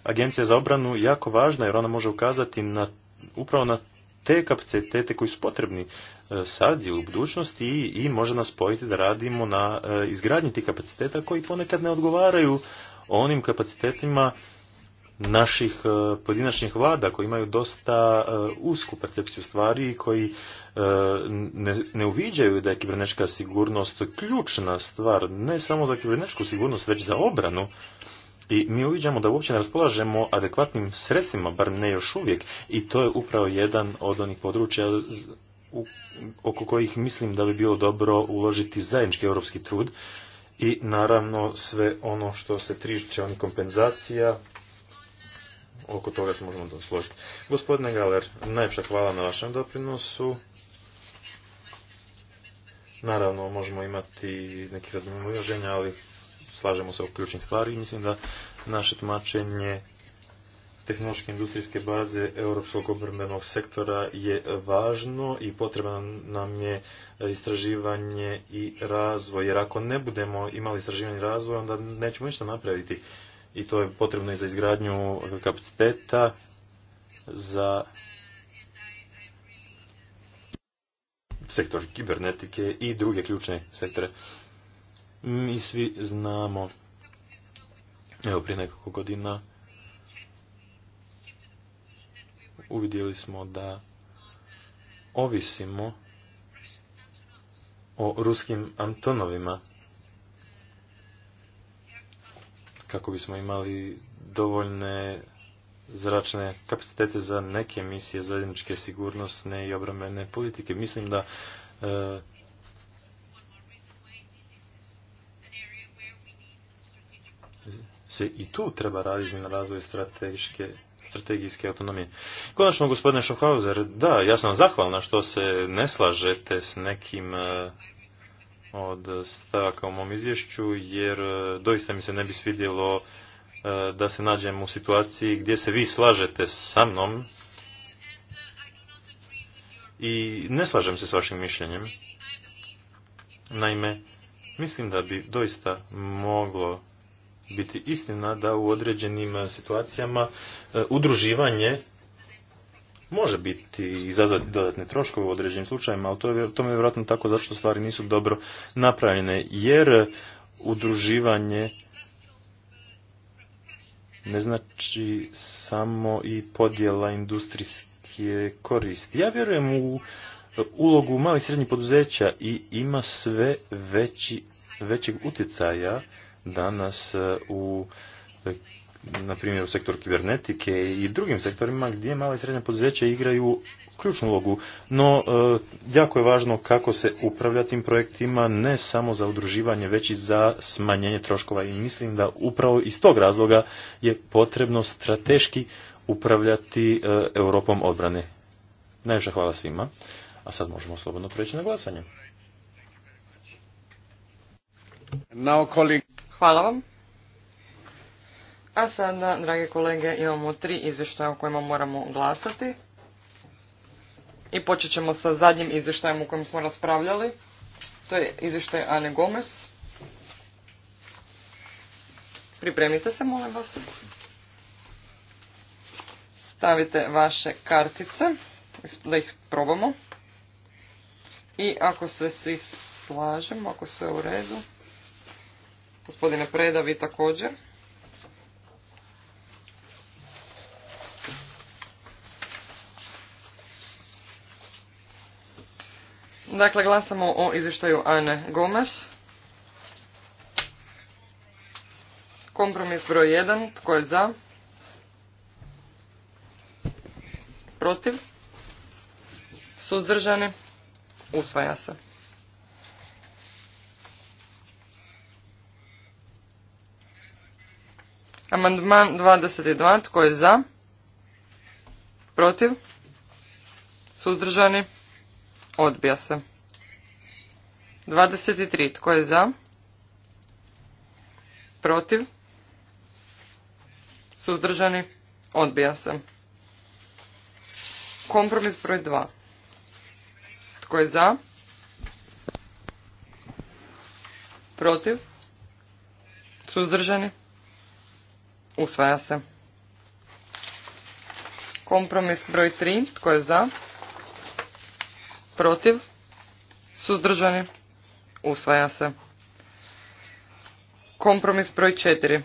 agencija za obranu jako važna jer ona može ukazati na, upravo na te kapacitete koji su potrebni e, sad i u budućnosti i, i može nas spojiti da radimo na e, izgradnji tih kapaciteta koji ponekad ne odgovaraju o onim kapacitetima naših e, pojedinačnih vlada koji imaju dosta e, usku percepciju stvari i koji e, ne, uviđaju da je kibernetička sigurnost ključna stvar, ne samo za kibernetičku sigurnost, već za obranu. I mi uviđamo da uopće ne raspolažemo adekvatnim sredstvima, bar ne još uvijek. I to je upravo jedan od onih područja oko kojih mislim da bi bilo dobro uložiti zajednički europski trud i naravno sve ono što se trišće onih kompenzacija, oko toga se možemo dosložiti. Gospodine Galer, najpša hvala na vašem doprinosu. Naravno, možemo imati nekih razmimoilaženja, ali slažemo se u ključnih stvari i mislim da naše tumačenje tehnološke industrijske baze europskog obrambenog sektora je važno i potrebno nam je e, istraživanje i razvoj. Jer ako ne budemo imali istraživanje i razvoj, onda nećemo ništa napraviti. I to je potrebno i za izgradnju kapaciteta, za sektor kibernetike i druge ključne sektore. Mi svi znamo, evo prije nekoliko godina, uvidjeli smo da ovisimo o ruskim Antonovima kako bismo imali dovoljne zračne kapacitete za neke misije zajedničke sigurnosne i obrambene politike. Mislim da e, se i tu treba raditi na razvoju strateške strategijske autonomije. Konačno, gospodine Schaffhauser, da, ja sam zahvalna što se ne slažete s nekim e, od stavaka u mom izvješću, jer e, doista mi se ne bi svidjelo e, da se nađem u situaciji gdje se vi slažete sa mnom i ne slažem se s vašim mišljenjem. Naime, mislim da bi doista moglo biti istina da u određenim e, situacijama e, udruživanje može biti izazvati dodatne troškove u određenim slučajevima, ali to je, tome je vjerojatno tako zato što stvari nisu dobro napravljene, jer udruživanje ne znači samo i podjela industrijske koristi. Ja vjerujem u e, ulogu malih i srednjih poduzeća i ima sve veći, većeg utjecaja danas e, u e, na primjer u sektoru kibernetike i drugim sektorima gdje mala i srednja poduzeća igraju ključnu ulogu. No, e, jako je važno kako se upravlja tim projektima, ne samo za udruživanje, već i za smanjenje troškova. I mislim da upravo iz tog razloga je potrebno strateški upravljati Europom odbrane. Najviše hvala svima, a sad možemo slobodno preći na glasanje. Now, Hvala vam. A sada, drage kolege, imamo tri izvještaja o kojima moramo glasati. I počet ćemo sa zadnjim izvještajem u kojem smo raspravljali. To je izvještaj Ane Gomez. Pripremite se, molim vas. Stavite vaše kartice, da ih probamo. I ako se svi slažemo, ako sve u redu. Gospodine Preda, vi također. Dakle, glasamo o izvještaju Ane Gomes. Kompromis broj 1. Tko je za? Protiv? Suzdržani? Usvaja se. Amandman 22. Tko je za? Protiv? Suzdržani? Odbija se. 23. Tko je za? Protiv? Suzdržani? Odbija se. Kompromis broj 2. Tko je za? Protiv? Suzdržani? Usvaja se. Kompromis broj 3. Tko je za? Protiv? Suzdržani? Usvaja se. Kompromis broj 4.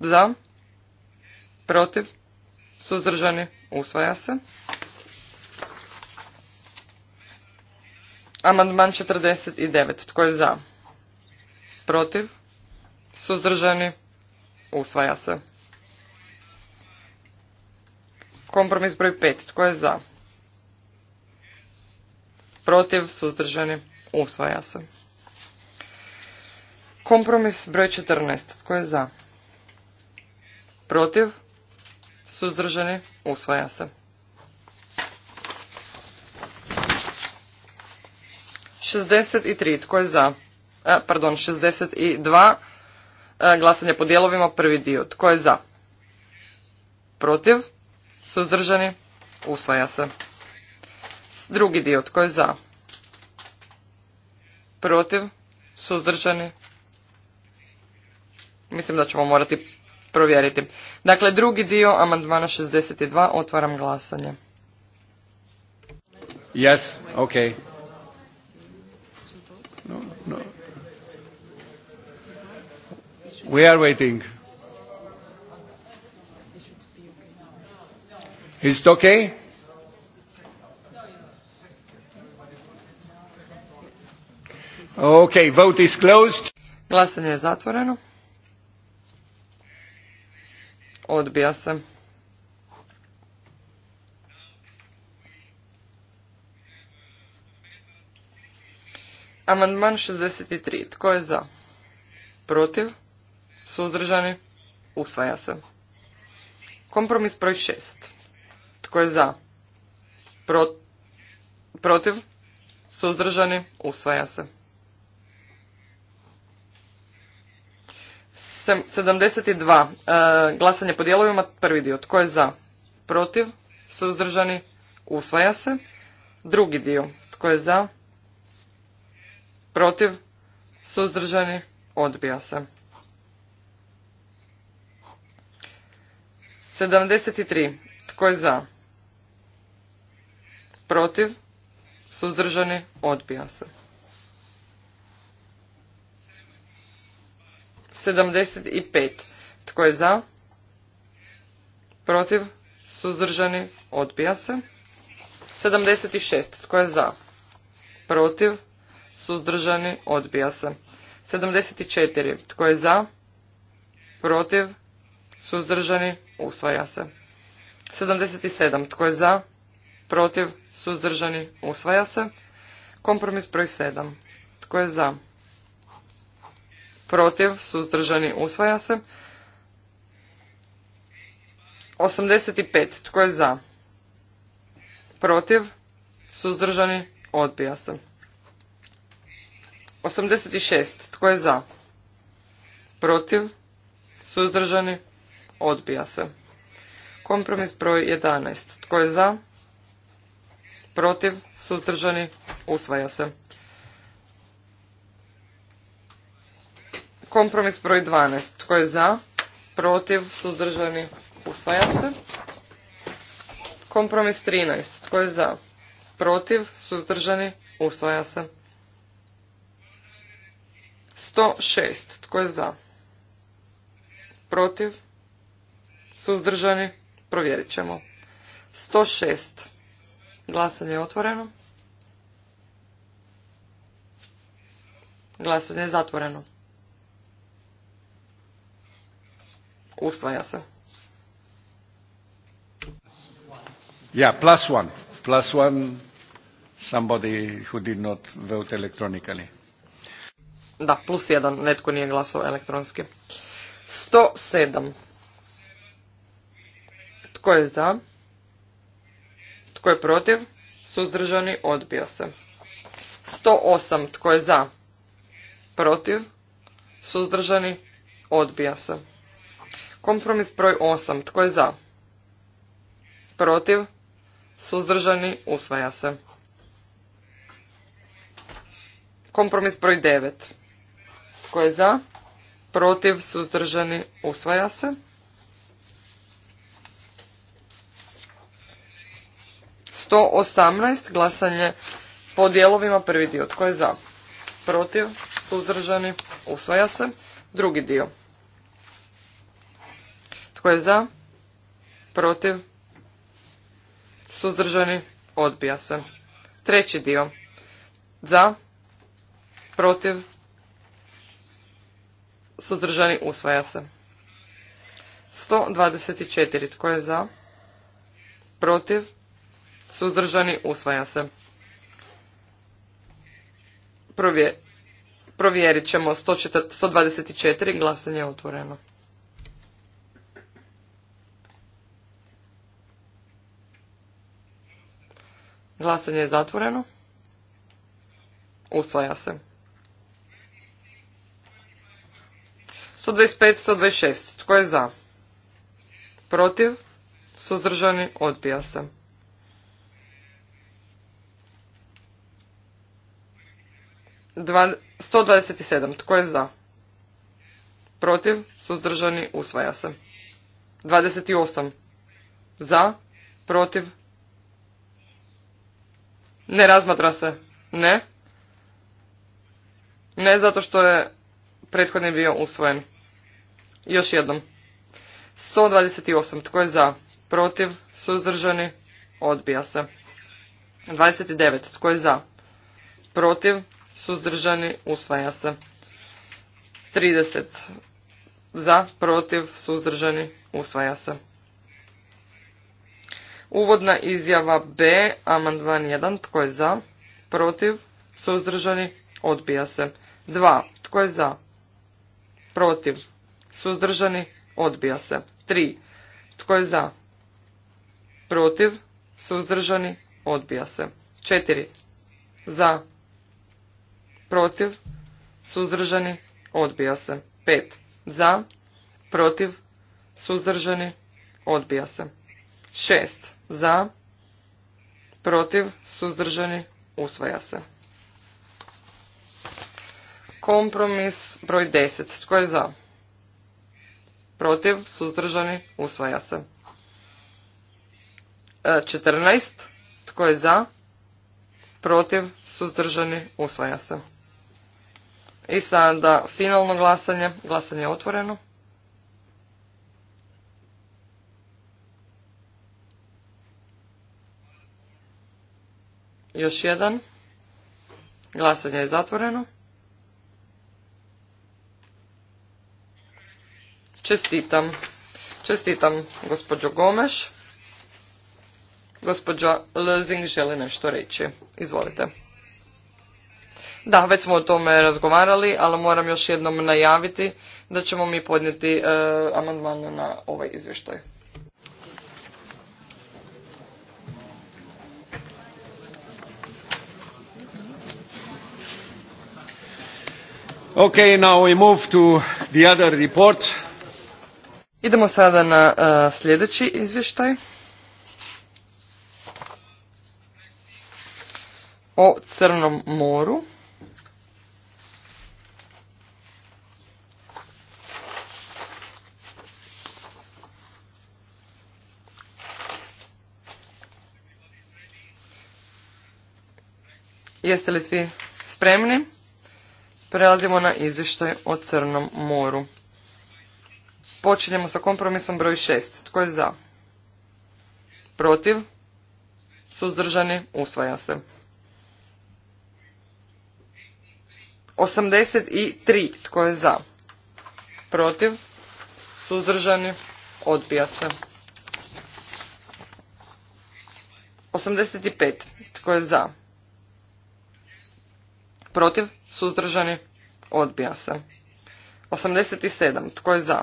Za? Protiv? Suzdržani? Usvaja se. Amandman 49. Tko je za? Protiv? Suzdržani? Usvaja se. Kompromis broj 5. Tko je za? Protiv, suzdržani, usvaja se. Kompromis broj 14. Tko je za? Protiv, suzdržani, usvaja se. 63. Tko je za? E, pardon, 62. E, glasanje po dijelovima, prvi dio. Tko je za? Protiv? Suzdržani? Usvaja se. Drugi dio. Tko je za? Protiv? Suzdržani? Mislim da ćemo morati provjeriti. Dakle, drugi dio amandmana 62. Otvaram glasanje. Yes, okay. We are waiting. Is it okay? Okay, vote is closed. Glasanje je zatvoreno. Odbija se. Amandman 63. Tko je za? Protiv? Suzdržani? Usvaja se. Kompromis broj šest Tko je za? protiv? Suzdržani? Usvaja se. 72. E, glasanje po dijelovima. Prvi dio. Tko je za? Protiv? Suzdržani? Usvaja se. Drugi dio. Tko je za? Protiv? Suzdržani? Odbija se. 73. Tko je za? Protiv? Suzdržani? Odbija se. 75. Tko je za? Protiv? Suzdržani? Odbija se. 76. Tko je za? Protiv? Suzdržani? Odbija se. 74. Tko je za? Protiv? Suzdržani? usvaja se. 77. Tko je za? Protiv? Suzdržani? Usvaja se. Kompromis broj 7. Tko je za? Protiv? Suzdržani? Usvaja se. 85. Tko je za? Protiv? Suzdržani? Odbija se. 86. Tko je za? Protiv? Suzdržani? odbija se. Kompromis broj 11. Tko je za? Protiv, suzdržani, usvaja se. Kompromis broj 12. Tko je za? Protiv, suzdržani, usvaja se. Kompromis 13. Tko je za? Protiv, suzdržani, usvaja se. 106. Tko je za? Protiv, Suzdržani? Provjerit ćemo. 106. Glasanje je otvoreno. Glasanje je zatvoreno. Usvaja se. Ja, plus one. Plus one, somebody who did not vote electronically. Da, plus jedan, netko nije glasao elektronski. 107. Tko je za? Tko je protiv? Suzdržani odbija se. 108. Tko je za? Protiv? Suzdržani odbija se. Kompromis broj 8. Tko je za? Protiv? Suzdržani usvaja se. Kompromis broj 9. Tko je za? Protiv? Suzdržani usvaja se. 118 glasanje po dijelovima prvi dio. Tko je za? Protiv? Suzdržani? Usvaja se. Drugi dio. Tko je za? Protiv? Suzdržani? Odbija se. Treći dio. Za? Protiv? Suzdržani? Usvaja se. 124. Tko je za? Protiv? suzdržani, usvaja se. Provje, provjerit ćemo 124, glasanje je otvoreno. Glasanje je zatvoreno. Usvaja se. 125, 126. Tko je za? Protiv? Suzdržani? Odbija se. 127. Tko je za? Protiv? Suzdržani? Usvaja se. 28. Za? Protiv? Ne razmatra se. Ne. Ne zato što je prethodni bio usvojen. Još jednom. 128. Tko je za? Protiv? Suzdržani? Odbija se. 29. Tko je za? Protiv? suzdržani, usvaja se. 30 za, protiv, suzdržani, usvaja se. Uvodna izjava B, amandman 1, tko je za, protiv, suzdržani, odbija se. 2, tko je za, protiv, suzdržani, odbija se. 3, tko je za, protiv, suzdržani, odbija se. 4, za, protiv, suzdržani, odbija se. 5. Za, protiv, suzdržani, odbija se. 6. Za, protiv, suzdržani, usvaja se. Kompromis broj 10. Tko je za? Protiv, suzdržani, usvaja se. 14. E, Tko je za? Protiv, suzdržani, usvaja se. I sada finalno glasanje. Glasanje je otvoreno. Još jedan. Glasanje je zatvoreno. Čestitam. Čestitam gospođo Gomeš. Gospođa Lzing želi nešto reći. Izvolite. Da, već smo o tome razgovarali, ali moram još jednom najaviti da ćemo mi podnijeti e, amandmane na ovaj izvještaj. Okay, now we move to the other report. Idemo sada na e, sljedeći izvještaj. O Crnom moru. Jeste li svi spremni? Prelazimo na izvještaj o Crnom moru. Počinjemo sa kompromisom broj 6. Tko je za? Protiv? Suzdržani? Usvaja se. 83. Tko je za? Protiv? Suzdržani? Odbija se. 85. Tko je za? Protiv? Suzdržani? Odbija se. 87. Tko je za?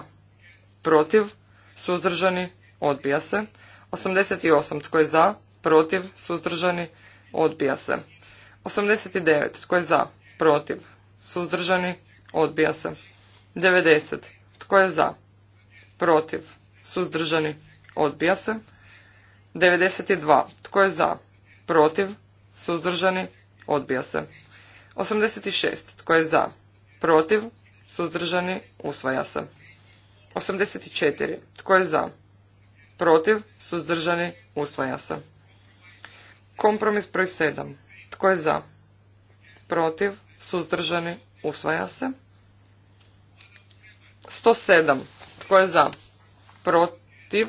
Protiv? Suzdržani? Odbija se. 88. Tko je za? Protiv? Suzdržani? Odbija se. 89. Tko je za? Protiv? Suzdržani? Odbija se. 90. Tko je za? Protiv? Suzdržani? Odbija se. 92. Tko je za? Protiv? Suzdržani? Odbija se. 86. Tko je za? Protiv? Suzdržani? Usvaja se. 84. Tko je za? Protiv? Suzdržani? Usvaja se. Kompromis broj 7. Tko je za? Protiv? Suzdržani? Usvaja se. 107. Tko je za? Protiv?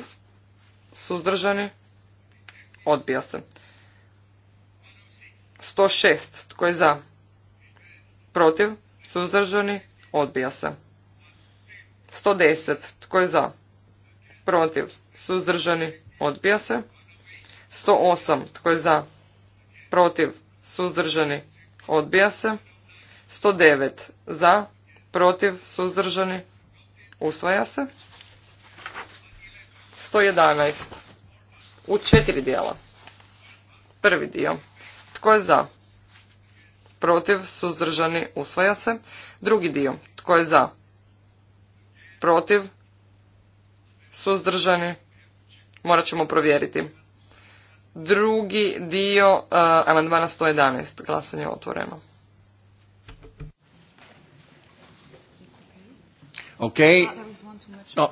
Suzdržani? Odbija se. 106. Tko je za? protiv, suzdržani, odbija se. 110. Tko je za? Protiv, suzdržani, odbija se. 108. Tko je za? Protiv, suzdržani, odbija se. 109. Za, protiv, suzdržani, usvaja se. 111. U četiri dijela. Prvi dio. Tko je za? protiv, suzdržani, usvaja se. Drugi dio, tko je za, protiv, suzdržani, morat ćemo provjeriti. Drugi dio uh, amandmana 111, glasanje otvoreno. ok No.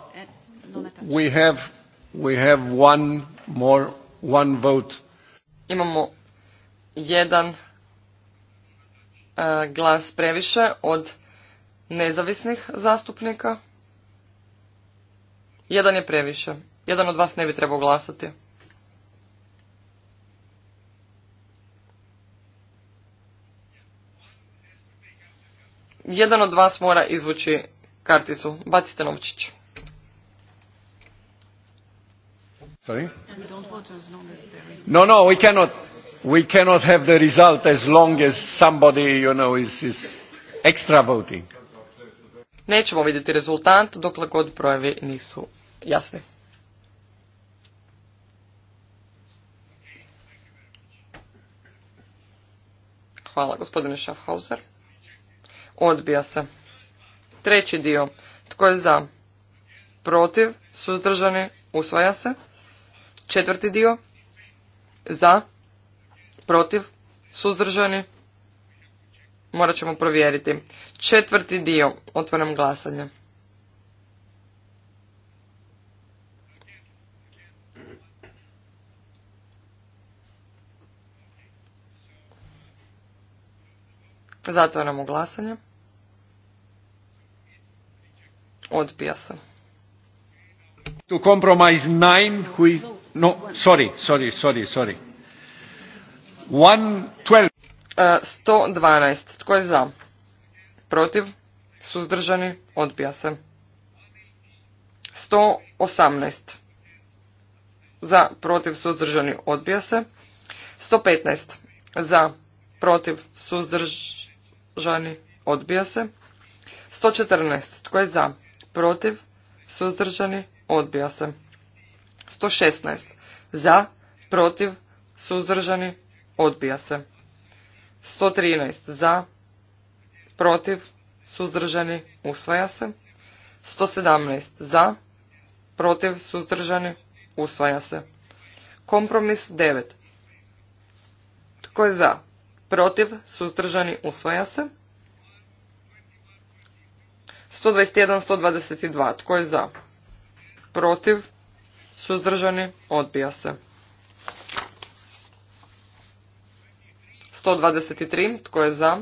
We have, we have Imamo jedan E, glas previše od nezavisnih zastupnika. Jedan je previše. Jedan od vas ne bi trebao glasati. Jedan od vas mora izvući karticu. Bacite novčić. Sorry? We don't vote as long as there is... No, no, we cannot, we cannot have the result as long as somebody, you know, is, is extra voting. Nećemo vidjeti rezultat dokle god brojevi nisu jasni. Hvala, gospodine Schaffhauser. Odbija se. Treći dio. Tko je za? Protiv? Suzdržani? Usvaja se. Četvrti dio. Za. Protiv. Suzdržani. Morat ćemo provjeriti. Četvrti dio. Otvaram glasanje. Zatvaramo glasanje. Odbija se. To compromise 9, no, sorry, sorry, sorry, sorry. 112. E, Tko je za? Protiv? Suzdržani? Odbija se. 118. Za, protiv, suzdržani? Odbija se. 115. Za, protiv, suzdržani? Odbija se. 114. Tko je za? Protiv? Suzdržani? Odbija se. 116. Za, protiv, suzdržani, odbija se. 113. Za, protiv, suzdržani, usvaja se. 117. Za, protiv, suzdržani, usvaja se. Kompromis 9. Tko je za? Protiv, suzdržani, usvaja se. 121, 122. Tko je za? Protiv, Suzdržani? Odbija se. 123. Tko je za?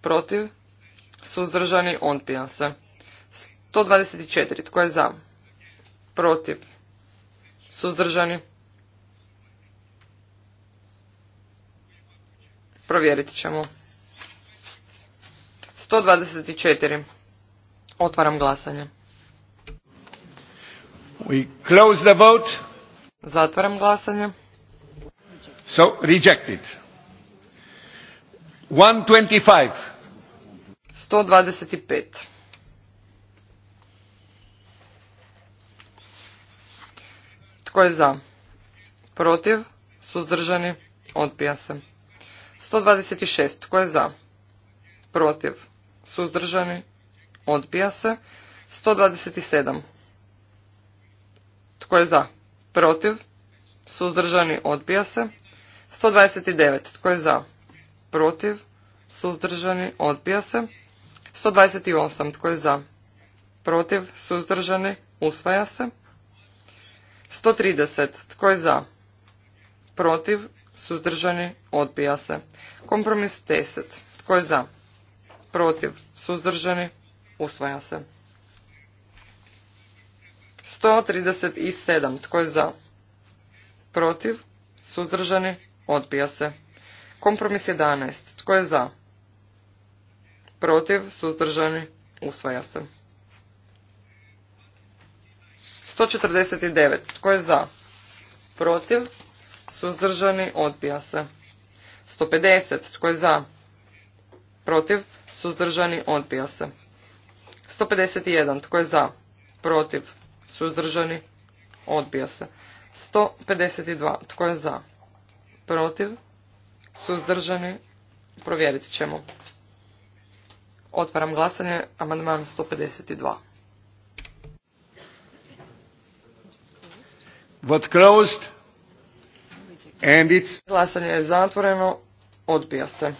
Protiv? Suzdržani? Odbija se. 124. Tko je za? Protiv? Suzdržani? Provjerit ćemo. 124. Otvaram glasanje. We close the Zatvaram glasanje. So rejected. 125. 125. Tko je za? Protiv? Suzdržani? Odbija se. 126. Tko je za? Protiv? Suzdržani? Odbija se. 127. Tko je za? Protiv? Suzdržani? Odbija se. 129. Tko je za? Protiv? Suzdržani? Odbija se. 128. Tko je za? Protiv? Suzdržani? Usvaja se. 130. Tko je za? Protiv? Suzdržani? Odbija se. Kompromis 10. Tko je za? Protiv? Suzdržani? Usvaja se. 137. Tko je za? Protiv? Suzdržani? Odbija se. Kompromis 11. Tko je za? Protiv? Suzdržani? Usvaja se. 149. Tko je za? Protiv? Suzdržani? Odbija se. 150. Tko je za? Protiv? Suzdržani? Odbija se. 151. Tko je za? Protiv? Suzdržani? Odbija se. 152. Tko je za? Protiv? Suzdržani? Provjerit ćemo. Otvaram glasanje. Amandman 152. Vot closed. Glasanje je zatvoreno. Odbija se.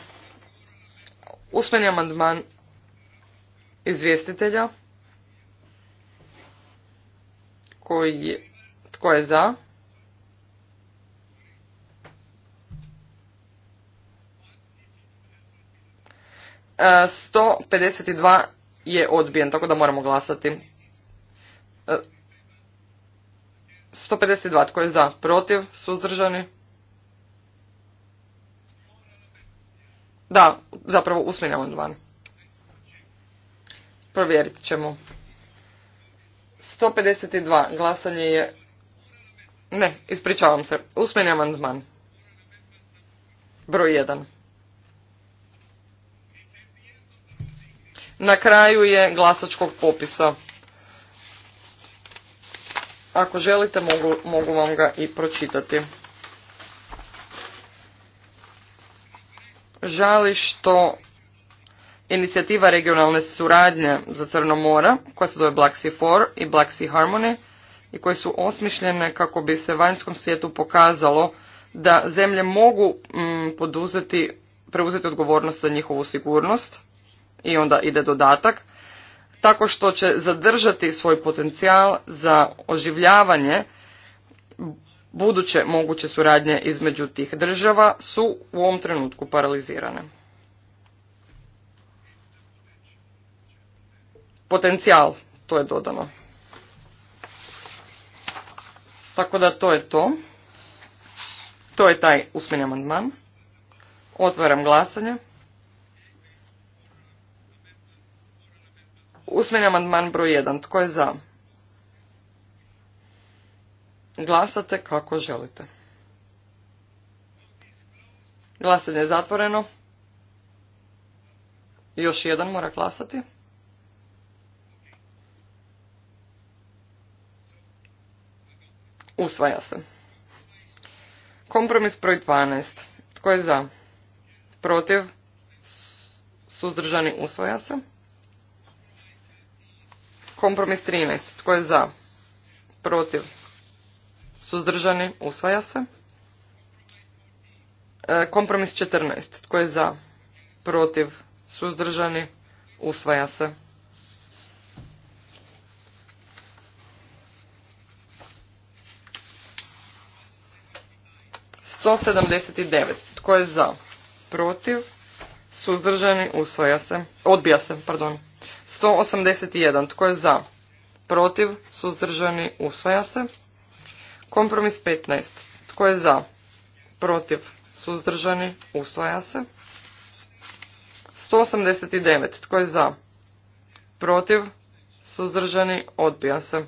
Usmeni amandman izvjestitelja tko je za? E, 152 je odbijen, tako da moramo glasati. E, 152, tko je za? Protiv? Suzdržani? Da, zapravo usmijenjamo amandman. Provjerit ćemo. 152. Glasanje je... Ne, ispričavam se. Usmeni amandman. Broj 1. Na kraju je glasačkog popisa. Ako želite, mogu, mogu vam ga i pročitati. Žali što Inicijativa regionalne suradnje za Crno mora, koja se zove Black Sea Four i Black Sea Harmony, i koje su osmišljene kako bi se vanjskom svijetu pokazalo da zemlje mogu mm, poduzeti, preuzeti odgovornost za njihovu sigurnost i onda ide dodatak, tako što će zadržati svoj potencijal za oživljavanje buduće moguće suradnje između tih država su u ovom trenutku paralizirane. potencijal, to je dodano. Tako da to je to. To je taj usmeni amandman. Otvaram glasanje. Usmeni amandman broj 1. Tko je za? Glasate kako želite. Glasanje je zatvoreno. Još jedan mora glasati. Usvaja se. Kompromis broj 12. Tko je za? Protiv? Suzdržani? Usvaja se. Kompromis 13. Tko je za? Protiv? Suzdržani? Usvaja se. E, kompromis 14. Tko je za? Protiv? Suzdržani? Usvaja se. 179. Tko je za? Protiv? Suzdržani? Usvaja se. Odbija se, pardon. 181. Tko je za? Protiv? Suzdržani? Usvaja se. Kompromis 15. Tko je za? Protiv? Suzdržani? Usvaja se. 189. Tko je za? Protiv? Suzdržani? Odbija se.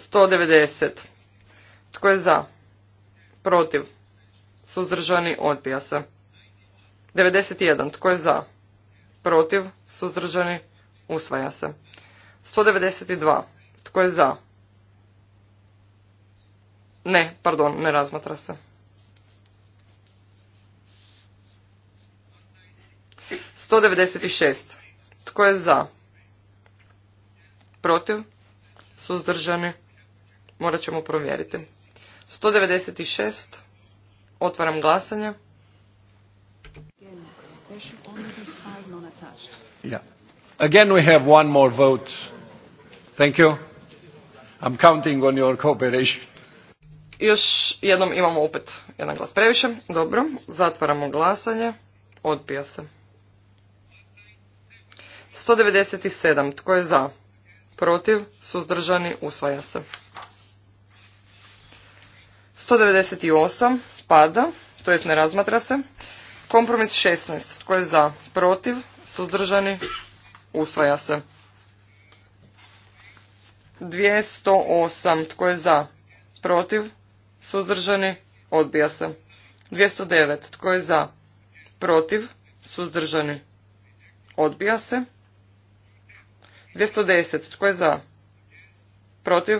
190. Tko je za? Protiv? Suzdržani? Odbija se. 91. Tko je za? Protiv? Suzdržani? Usvaja se. 192. Tko je za? Ne, pardon, ne razmatra se. 196. Tko je za? Protiv? Suzdržani? Morat ćemo provjeriti. 196. Otvaram glasanje. Yeah. Again we have one more vote. Thank you. I'm counting on your cooperation. Još jednom imamo opet jedan glas previše. Dobro, zatvaramo glasanje. Odbija se. 197. Tko je za? Protiv? Suzdržani? Usvaja se. 198 pada, to jest ne razmatra se. Kompromis 16, tko je za, protiv, suzdržani, usvaja se. 208, tko je za, protiv, suzdržani, odbija se. 209, tko je za, protiv, suzdržani, odbija se. 210, tko je za, protiv,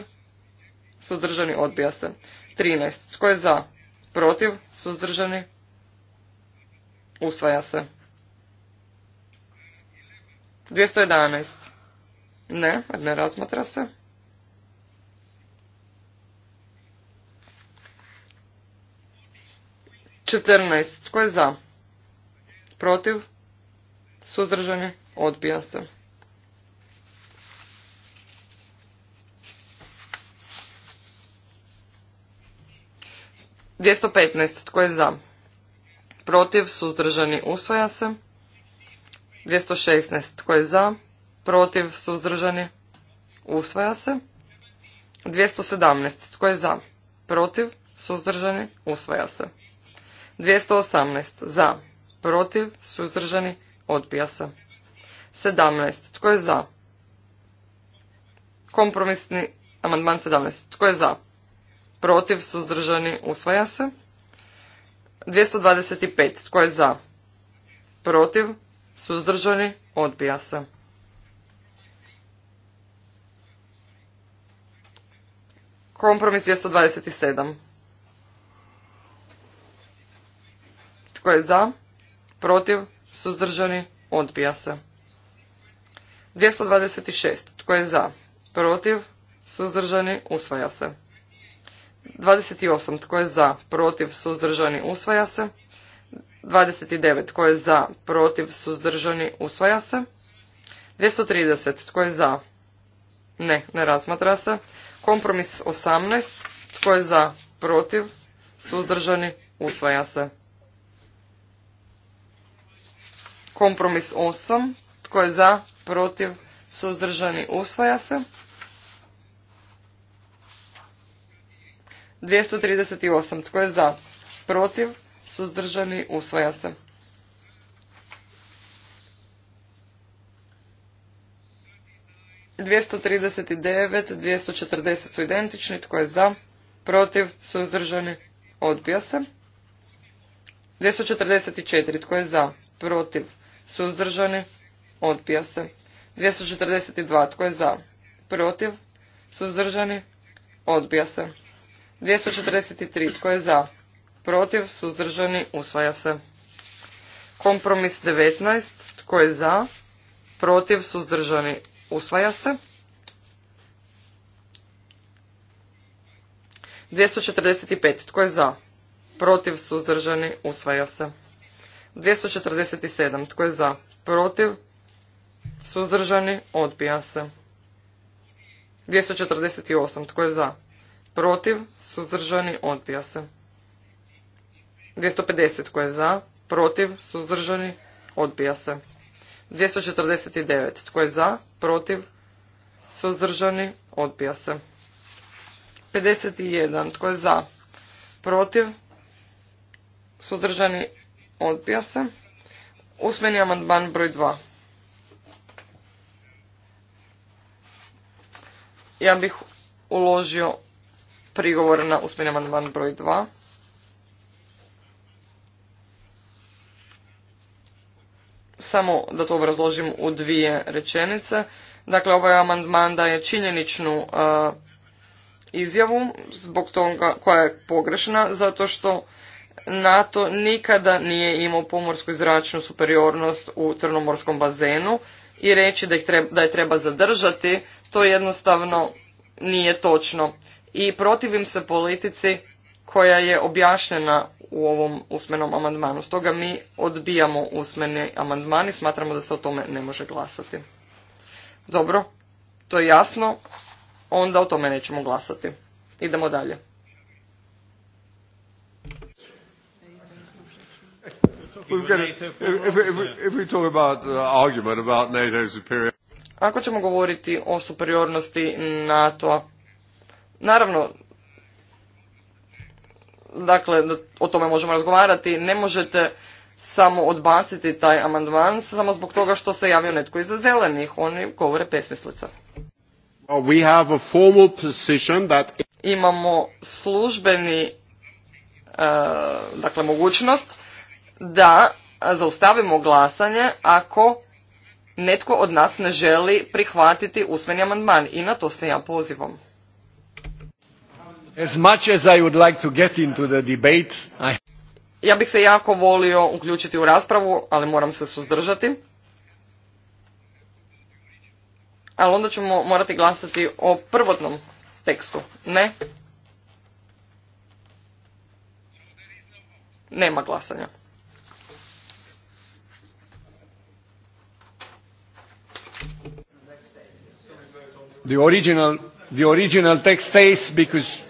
suzdržani, odbija se. 13. Tko je za? Protiv? Suzdržani? Usvaja se. 211. Ne, ne razmatra se. 14. Tko je za? Protiv? Suzdržani? Odbija se. 215. Tko je za? Protiv, suzdržani, usvaja se. 216. Tko je za? Protiv, suzdržani, usvaja se. 217. Tko je za? Protiv, suzdržani, usvaja se. 218. Za, protiv, suzdržani, odbija se. 17. Tko je za? Kompromisni amandman 17. Tko je za? protiv, suzdržani, usvaja se. 225. Tko je za? Protiv, suzdržani, odbija se. Kompromis 227. Tko je za? Protiv, suzdržani, odbija se. 226. Tko je za? Protiv, suzdržani, usvaja se. 28. Tko je za? Protiv? Suzdržani? Usvaja se. 29. Tko je za? Protiv? Suzdržani? Usvaja se. 230. Tko je za? Ne, ne razmatra se. Kompromis 18. Tko je za? Protiv? Suzdržani? Usvaja se. Kompromis 8. Tko je za? Protiv? Suzdržani? Usvaja se. 238. Tko je za? Protiv? Suzdržani? Usvaja se. Dvijesto trideset devet, dvijesto četrdeset su identični, tko je za, protiv, suzdržani, odbija se. Dvijesto četrdeset četiri, tko je za, protiv, suzdržani, odbija se. 242. Tko je za? Protiv? Suzdržani? Odbija se. 243. Tko je za? Protiv? Suzdržani? Usvaja se. Kompromis 19. Tko je za? Protiv? Suzdržani? Usvaja se. 245. Tko je za? Protiv? Suzdržani? Usvaja se. 247. Tko je za? Protiv? Suzdržani? Odbija se. 248. Tko je za? protiv, suzdržani, odbija se. 250 tko je za, protiv, suzdržani, odbija se. 249 tko je za, protiv, suzdržani, odbija se. 51 tko je za, protiv, suzdržani, odbija se. Usmeni amandman broj 2. Ja bih uložio prigovor na usmjeni amandman broj 2. Samo da to obrazložim u dvije rečenice. Dakle, ovaj amandman daje činjeničnu e, izjavu zbog toga koja je pogrešna, zato što NATO nikada nije imao pomorsku i zračnu superiornost u crnomorskom bazenu i reći da je treba zadržati, to jednostavno nije točno i protivim se politici koja je objašnjena u ovom usmenom amandmanu. Stoga mi odbijamo usmeni amandman i smatramo da se o tome ne može glasati. Dobro, to je jasno, onda o tome nećemo glasati. Idemo dalje. Ako ćemo govoriti o superiornosti NATO-a Naravno, dakle, o tome možemo razgovarati, ne možete samo odbaciti taj amandman samo zbog toga što se javio netko iza zelenih. Oni govore pesmislica. Imamo službeni e, dakle, mogućnost da zaustavimo glasanje ako netko od nas ne želi prihvatiti usmeni amandman i na to se ja pozivam. Ja bih se jako volio uključiti u raspravu, ali moram se suzdržati. Ali onda ćemo morati glasati o prvotnom tekstu. Ne? Nema glasanja. The original, the original text stays because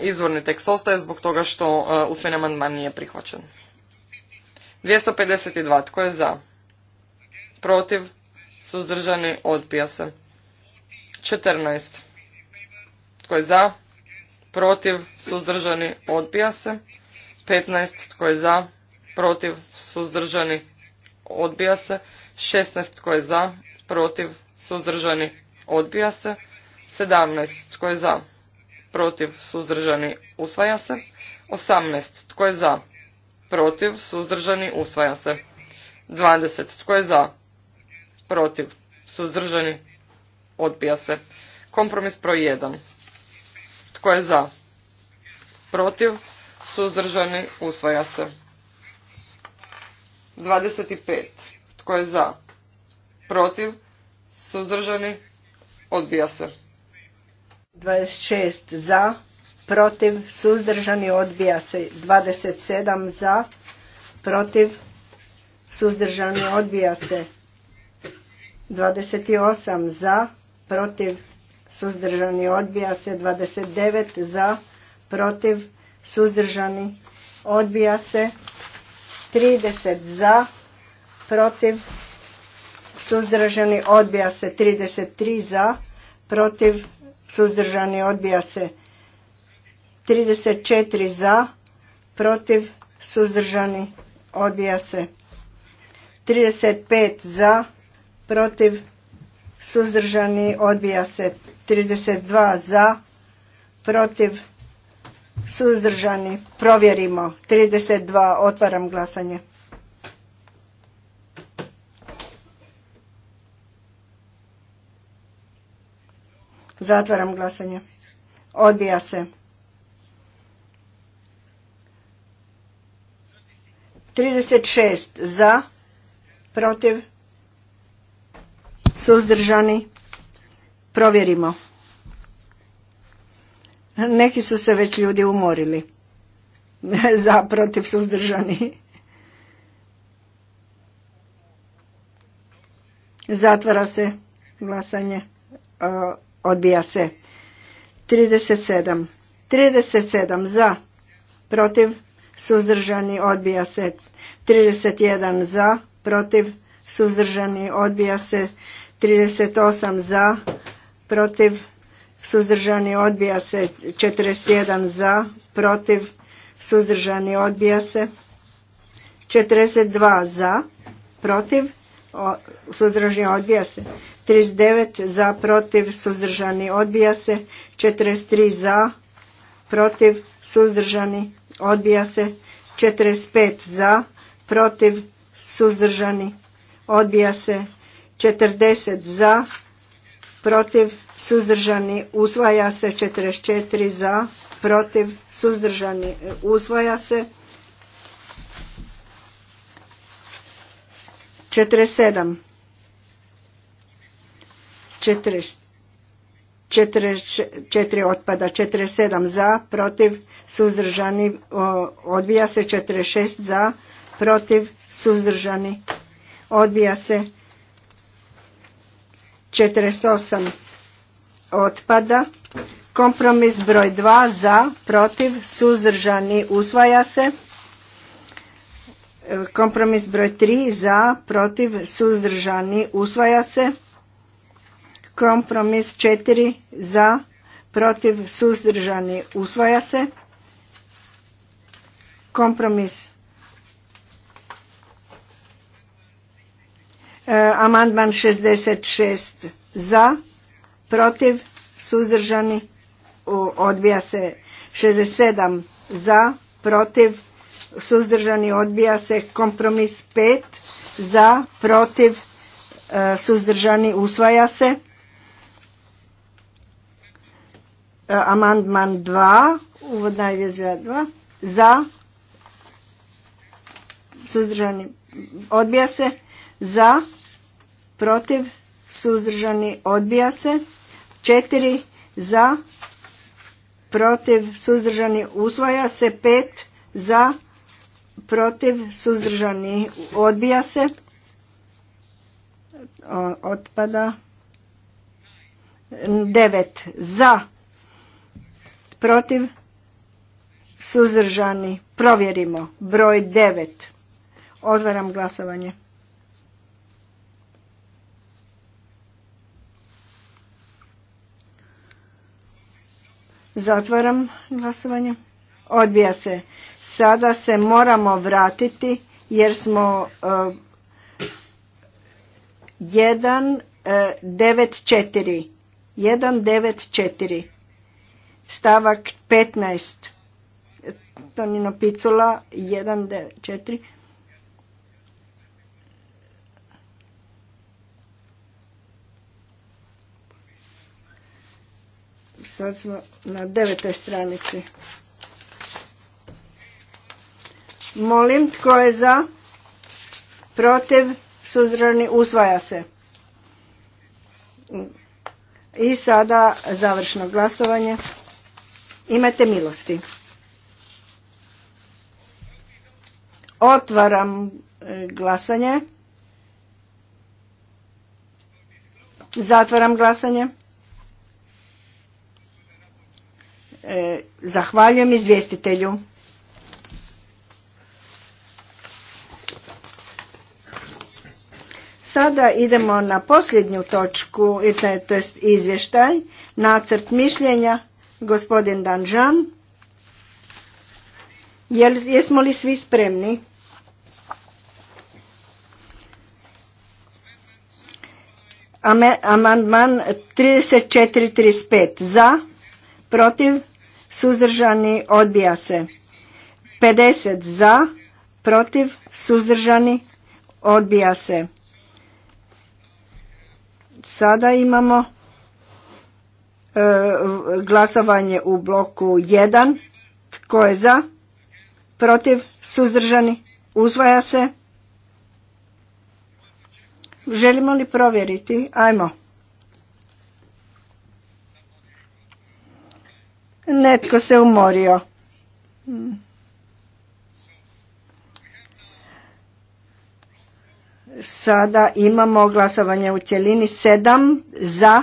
Izvorni tekst ostaje zbog toga što uh, usmeni amandman nije prihvaćen. 252. Tko je za? Protiv? Suzdržani? Odbija se. 14. Tko je za? Protiv? Suzdržani? Odbija se. 15. Tko je za? Protiv? Suzdržani? Odbija se. 16. Tko je za? Protiv? Suzdržani? Odbija se. 17. Tko je za? protiv, suzdržani, usvaja se. 18. Tko je za? Protiv, suzdržani, usvaja se. 20. Tko je za? Protiv, suzdržani, odbija se. Kompromis broj 1. Tko je za? Protiv, suzdržani, usvaja se. 25. Tko je za? Protiv, suzdržani, odbija se. 26 za, protiv, suzdržani, odbija se. 27 za, protiv, suzdržani, odbija se. 28 za, protiv, suzdržani, odbija se. 29 za, protiv, suzdržani, odbija se. 30 za, protiv, suzdržani, odbija se. 33 za, protiv, suzdržani odbija se 34 za protiv suzdržani odbija se 35 za protiv suzdržani odbija se 32 za protiv suzdržani provjerimo 32 otvaram glasanje Zatvaram glasanje. Odbija se. 36 za, protiv, suzdržani. Provjerimo. Neki su se već ljudi umorili. *laughs* za, protiv, suzdržani. Zatvara se glasanje odbija se. 37. 37 za, protiv, suzdržani, odbija se. 31 za, protiv, suzdržani, odbija se. 38 za, protiv, suzdržani, odbija se. 41 za, protiv, suzdržani, odbija se. 42 za, protiv, suzdržani, odbija se. 39 za, protiv, suzdržani, odbija se. 43 za, protiv, suzdržani, odbija se. 45 za, protiv, suzdržani, odbija se. 40 za, protiv, suzdržani, usvaja se. 44 za, protiv, suzdržani, usvaja se. 47 44 otpada, 47 za, protiv, suzdržani, odbija se 46 za, protiv, suzdržani, odbija se 48 otpada, kompromis broj 2 za, protiv, suzdržani, usvaja se, kompromis broj 3 za, protiv, suzdržani, usvaja se, Kompromis 4 za, protiv, suzdržani, usvaja se. Kompromis e, Amandman 66 za, protiv, suzdržani, odbija se 67 za, protiv, suzdržani, odbija se kompromis 5 za, protiv, e, suzdržani, usvaja se. E, amandman 2, uvodna izjava 2, za, suzdržani, odbija se, za, protiv, suzdržani, odbija se, 4, za, protiv, suzdržani, usvaja se, 5, za, protiv, suzdržani, odbija se, otpada, 9, za, protiv, suzdržani, provjerimo, broj 9. Otvaram glasovanje. Zatvaram glasovanje. Odbija se. Sada se moramo vratiti jer smo uh, 1, 9, 4. 1, 9, 4 stavak 15. Tonino Picula, 1, Sad smo na devetoj stranici. Molim, tko je za? Protiv? Suzrani? Usvaja se. I sada završno glasovanje. Imate milosti. Otvaram e, glasanje. Zatvaram glasanje. E, zahvaljujem izvjestitelju. Sada idemo na posljednju točku, e, to je izvještaj, nacrt mišljenja Gospodin Danžan, jesmo li svi spremni? Amandman 34 pet za, protiv, suzdržani, odbija se. 50 za, protiv, suzdržani, odbija se. Sada imamo E, glasovanje u bloku 1. Tko je za? Protiv? Suzdržani? Uzvaja se? Želimo li provjeriti? Ajmo. Netko se umorio. Sada imamo glasovanje u cjelini. Sedam za,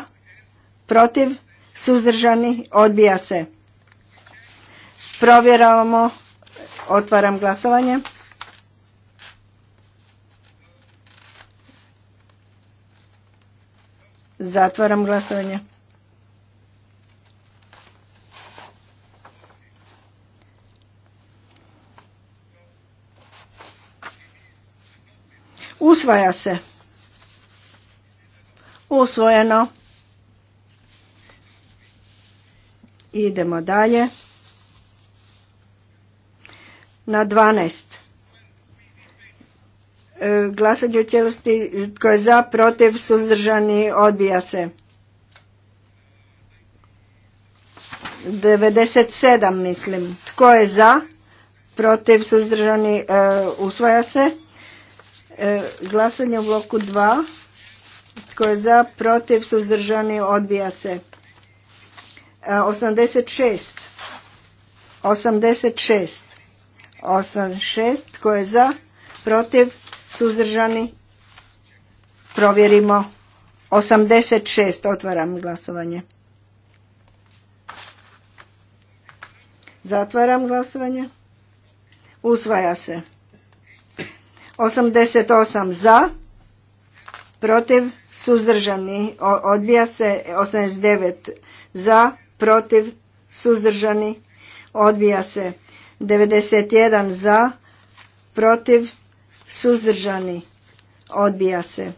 protiv, suzdržani, odbija se. Provjeravamo, otvaram glasovanje. Zatvaram glasovanje. Usvaja se. Usvojeno. Idemo dalje. Na 12. E, glasanje u cijelosti tko je za, protiv, suzdržani, odbija se. 97 mislim. Tko je za, protiv, suzdržani, e, usvaja se. E, glasanje u bloku 2. Tko je za, protiv, suzdržani, odbija se. 86. 86. 86. Tko je za? Protiv? Suzdržani? Provjerimo. 86. Otvaram glasovanje. Zatvaram glasovanje. Usvaja se. 88 za, protiv, suzdržani, odbija se 89 za, protiv, suzdržani, odbija se. 91 za, protiv, suzdržani, odbija se.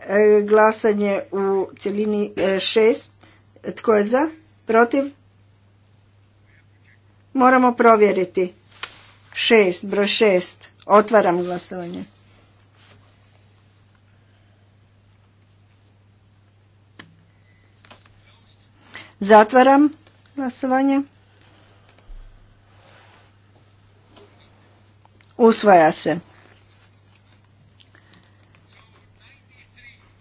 E, glasanje u cjelini 6. E, Tko je za? Protiv? Moramo provjeriti. 6, broj 6. Otvaram glasovanje. Zatvaram glasovanje. Usvaja se.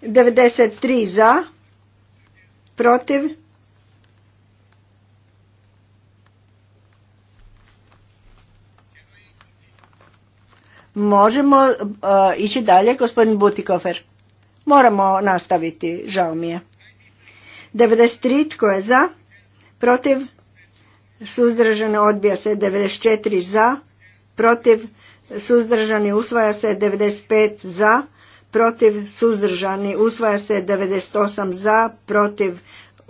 93 za, protiv. Možemo uh, ići dalje, gospodin Butikofer. Moramo nastaviti, žao mi je. 93 tko je za, protiv, suzdržano odbija se 94 za, protiv, suzdržani usvaja se 95 za, protiv, suzdržani usvaja se 98 za, protiv,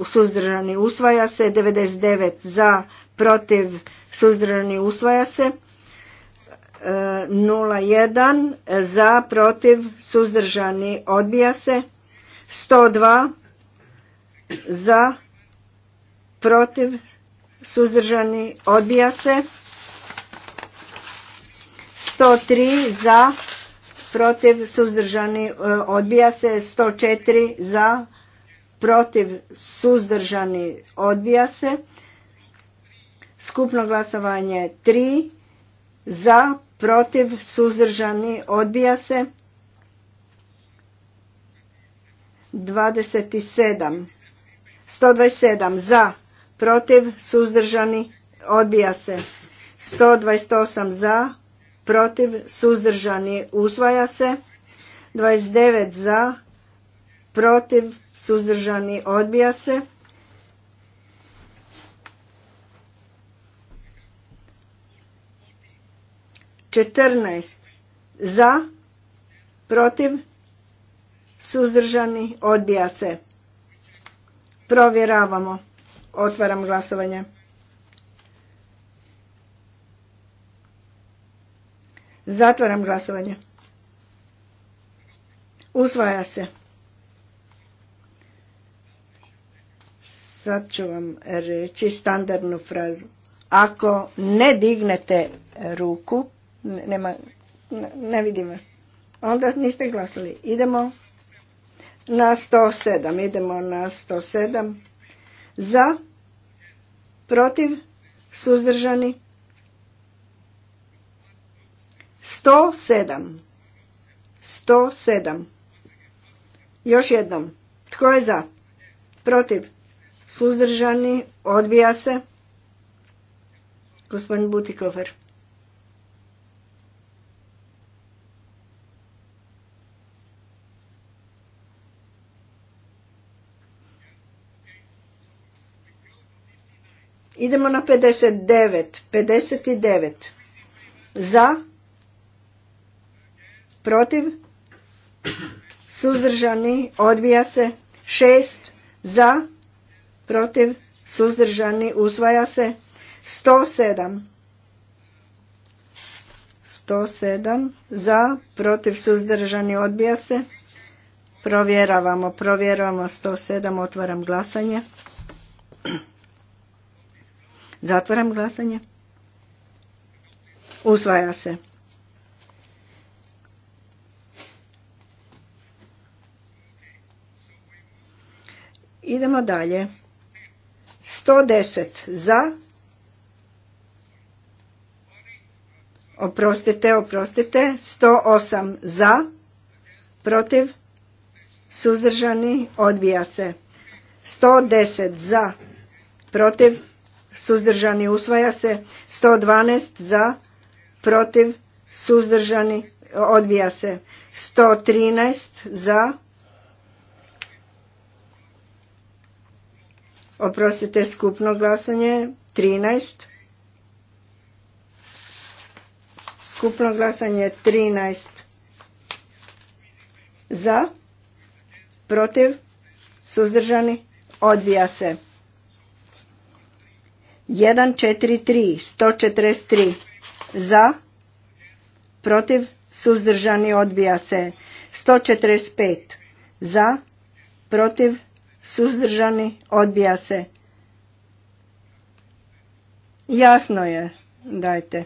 suzdržani usvaja se 99 za, protiv, suzdržani usvaja se 01 za, protiv, suzdržani odbija se 102 za, protiv, suzdržani, odbija se. 103 za, protiv, suzdržani, e, odbija se. 104 za, protiv, suzdržani, odbija se. Skupno glasovanje 3 za, protiv, suzdržani, odbija se. 27 127 za, protiv, suzdržani, odbija se. 128 za, protiv, suzdržani, usvaja se. 29 za, protiv, suzdržani, odbija se. Četrnaest za, protiv, suzdržani, odbija se. Provjeravamo. Otvaram glasovanje. Zatvaram glasovanje. Usvaja se. Sad ću vam reći standardnu frazu. Ako ne dignete ruku, nema, ne vidim vas, onda niste glasali. Idemo na 107. Idemo na 107. Za, protiv, suzdržani. 107. 107. Još jednom. Tko je za? Protiv. Suzdržani. Odbija se. Gospodin Butikofer. Idemo na 59. 59. Za. Protiv. Suzdržani. Odbija se. 6. Za. Protiv. Suzdržani. Usvaja se. 107. 107. Za. Protiv. Suzdržani. Odbija se. Provjeravamo. Provjeravamo. 107. Otvaram glasanje. Zatvaram glasanje. Usvaja se. Idemo dalje. 110 za. Oprostite, oprostite. 108 za. Protiv. Suzdržani. Odbija se. 110 za. Protiv suzdržani usvaja se 112 za protiv suzdržani odbija se 113 za oprostite skupno glasanje 13 skupno glasanje 13 za protiv suzdržani odbija se 143, 143 za, protiv, suzdržani odbija se. 145 za, protiv, suzdržani odbija se. Jasno je, dajte.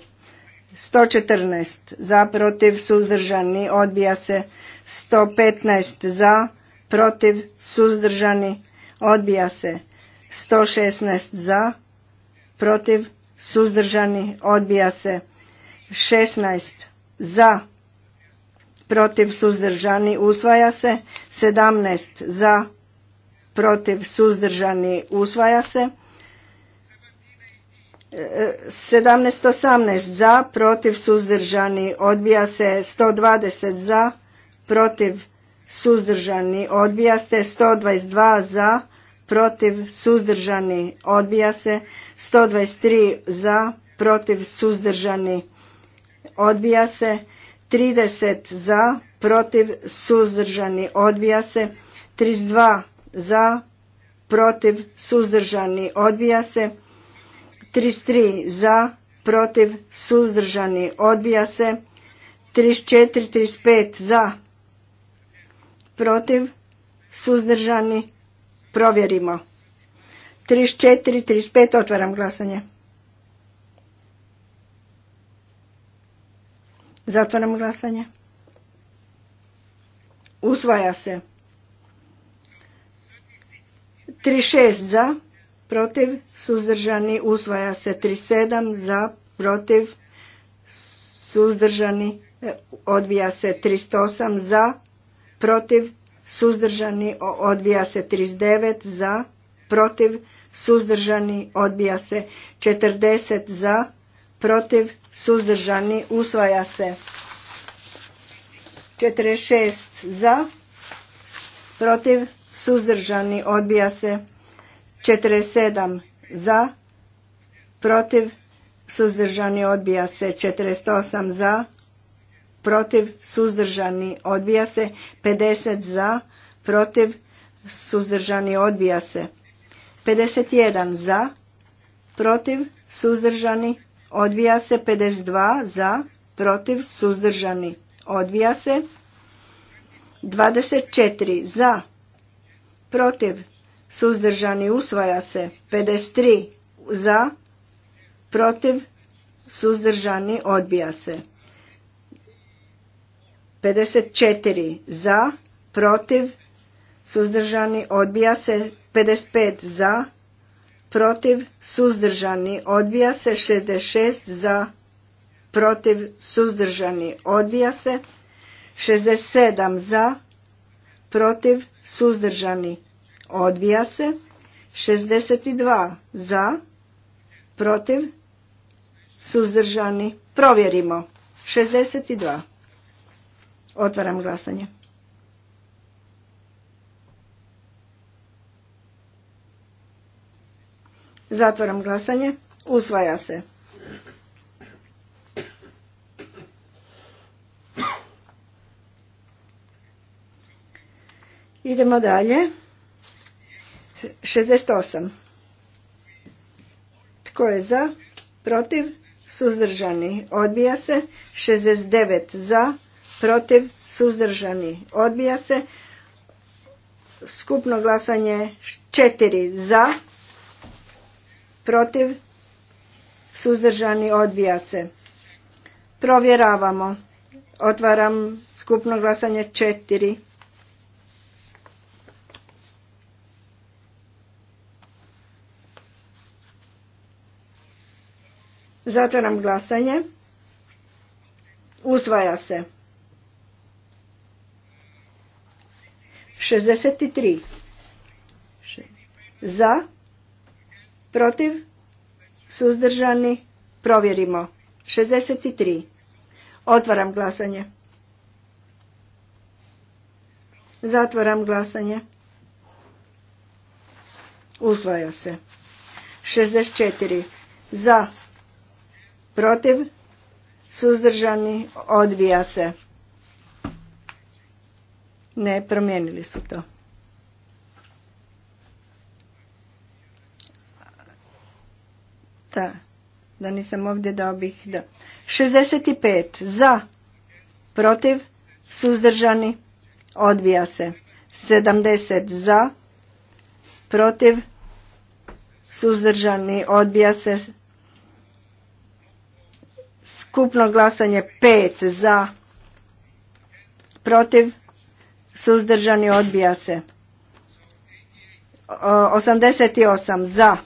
114 za, protiv, suzdržani odbija se. 115 za, protiv, suzdržani odbija se. 116 za, protiv, suzdržani, odbija se. 16 za, protiv, suzdržani, usvaja se. 17 za, protiv, suzdržani, usvaja se. 1718 za, protiv, suzdržani, odbija se. 120 za, protiv, suzdržani, odbija se. 122 za, protiv, suzdržani, odbija se. 123 za, protiv, suzdržani, odbija se. 30 za, protiv, suzdržani, odbija se. 32 za, protiv, suzdržani, odbija se. 33 za, protiv, suzdržani, odbija se. 34, 35 za, protiv, suzdržani, Provjerimo. 34, 35, otvaram glasanje. Zatvaram glasanje. Usvaja se. 36 za, protiv, suzdržani, usvaja se. 37 za, protiv, suzdržani, odbija se. 308 za, protiv, suzdržani, odbija se 39 za, protiv, suzdržani, odbija se 40 za, protiv, suzdržani, usvaja se 46 za, protiv, suzdržani, odbija se 47 za, protiv, suzdržani, odbija se 48 za, protiv, suzdržani, odbija se. 50 za, protiv, suzdržani, odbija se. 51 za, protiv, suzdržani, odbija se. 52 za, protiv, suzdržani, odbija se. 24 za, protiv, suzdržani, usvaja se. 53 za, protiv, suzdržani, odbija se. 54 za, protiv, suzdržani, odbija se 55 za, protiv, suzdržani, odbija se 66 za, protiv, suzdržani, odbija se 67 za, protiv, suzdržani, odbija se 62 za, protiv, suzdržani, provjerimo 62. Otvaram glasanje. Zatvaram glasanje. Usvaja se. Idemo dalje. 68. Tko je za? Protiv? Suzdržani. Odbija se. 69 za protiv, suzdržani, odbija se. Skupno glasanje četiri, za, protiv, suzdržani, odbija se. Provjeravamo. Otvaram skupno glasanje četiri. Zatvaram glasanje. Usvaja se. 63. Za, protiv, suzdržani, provjerimo. 63. Otvaram glasanje. Zatvaram glasanje. Usvaja se. 64. Za, protiv, suzdržani, odvija se. Ne, promijenili su to. Da, da nisam ovdje dao bih. Da. 65 za, protiv, suzdržani, odbija se. 70 za, protiv, suzdržani, odbija se. Skupno glasanje 5 za, protiv, suzdržani odbija se 88 za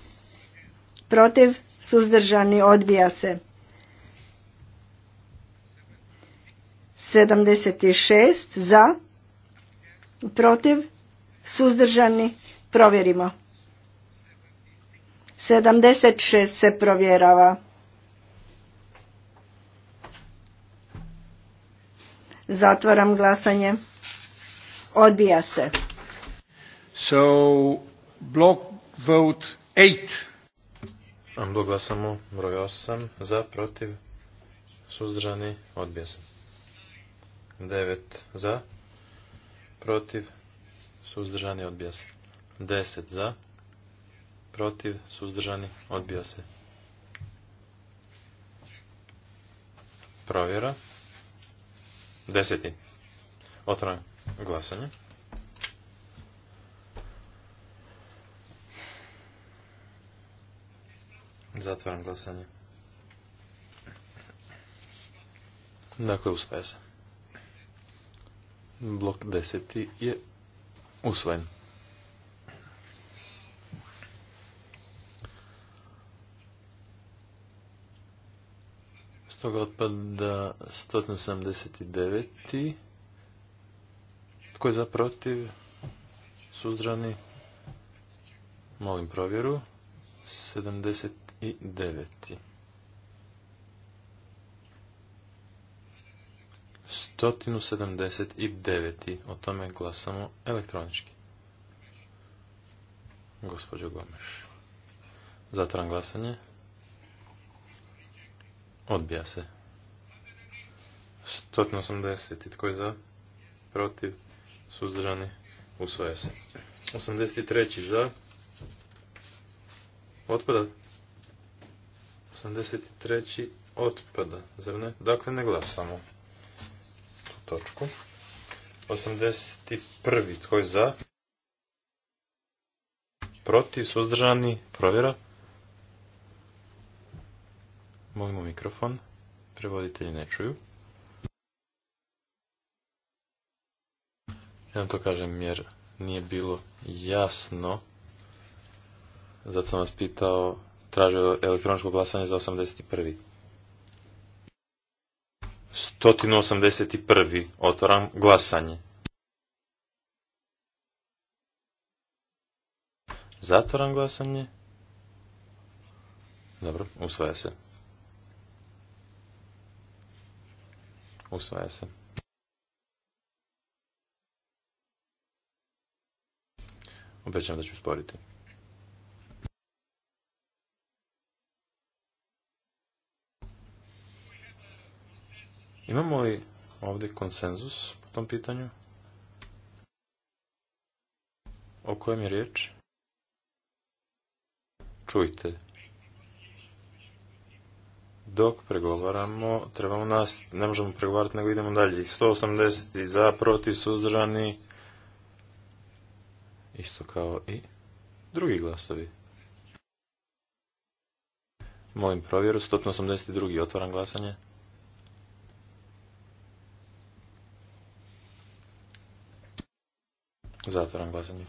protiv suzdržani odbija se 76 za protiv suzdržani provjerimo 76 se provjerava zatvaram glasanje Odbija se. So, block vote 8. Blok glasamo broj 8. Za, protiv, suzdržani, odbija se. 9 za, protiv, suzdržani, odbija se. 10 za, protiv, suzdržani, odbija se. Provjera. Deseti. Otvoreno. Glasanje. Zatvaram glasanje. Dakle, uspaja se. Blok deseti je usvojen. Stoga otpada 179. Tko je za protiv? Suzdrani? Molim provjeru. 79. 179. sedamdeset O tome glasamo elektronički. Gospođo Gomeš. Zatran glasanje. Odbija se. 180. Tko je za? Protiv? suzdržani, usvaja se. 83. za, otpada. 83. otpada, zar ne? Dakle, ne glasamo tu točku. 81. tko je za? Protiv, suzdržani, provjera. Molimo mikrofon, prevoditelji ne čuju. Ja vam to kažem jer nije bilo jasno. Zato sam vas pitao, tražio elektroničko glasanje za 81. 181. Otvaram glasanje. Zatvaram glasanje. Dobro, usvaja se. Usvaja se. Obećam da ću sporiti. Imamo li ovdje konsenzus po tom pitanju? O kojem je riječ? Čujte. Dok pregovaramo, trebamo nas, ne možemo pregovarati nego idemo dalje. 180 za, protiv, suzdržani, isto kao i drugi glasovi. Molim provjeru, 182. otvaram glasanje. Zatvaram glasanje.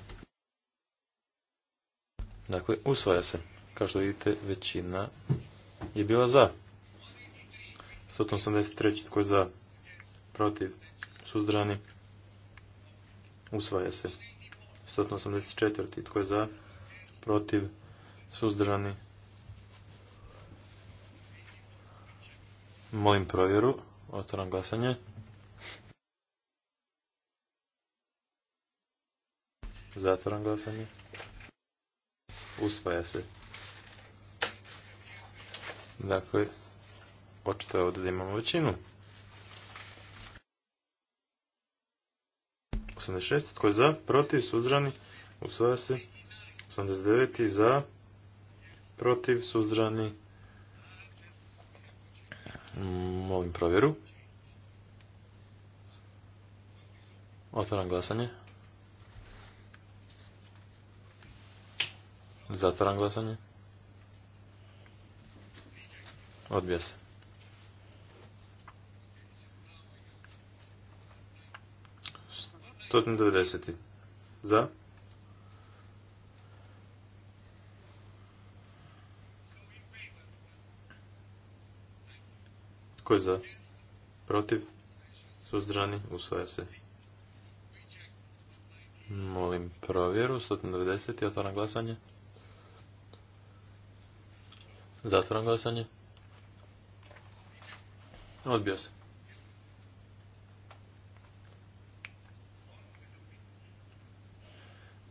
Dakle, usvaja se. Kao što vidite, većina je bila za. 183. tko je za, protiv, suzdrani. Usvaja se. 184. Tko je za? Protiv? Suzdržani? Molim provjeru. Otvaram glasanje. Zatvaram glasanje. Usvaja se. Dakle, očito je ovdje da imamo većinu. 86. Tko je za? Protiv? suzdrani Usvaja se. 89. Za? Protiv? suzdrani Molim provjeru. Otvaram glasanje. Zatvaram glasanje. Odbija se. 190. Za. Tko je za? Protiv? Suzdržani? Usvaja se. Molim provjeru. 190. Otvaram glasanje. Zatvaram glasanje. Odbio se.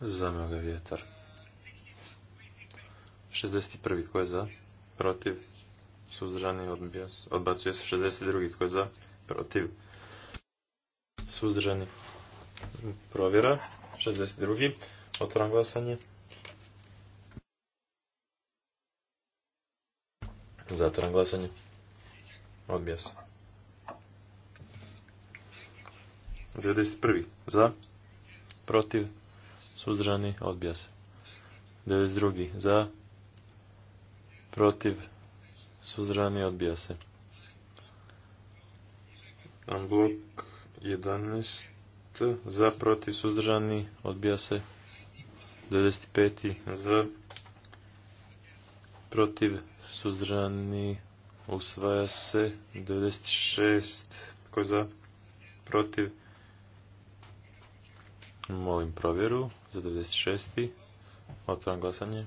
Zameo ovaj ga vjetar. 61. Tko je za? Protiv. Suzdržani odbija. Odbacuje se 62. Tko je za? Protiv. Suzdržani. Provjera. 62. Otvaram glasanje. Zatvoram glasanje. Odbija se. 91. Za. Protiv suzdržani, odbija se. 92. za, protiv, suzdržani, odbija se. Unblock 11, za, protiv, suzdržani, odbija se. 95. za, protiv, suzdržani, usvaja se. 96. tko za, protiv, molim provjeru za 96. Otvaram glasanje.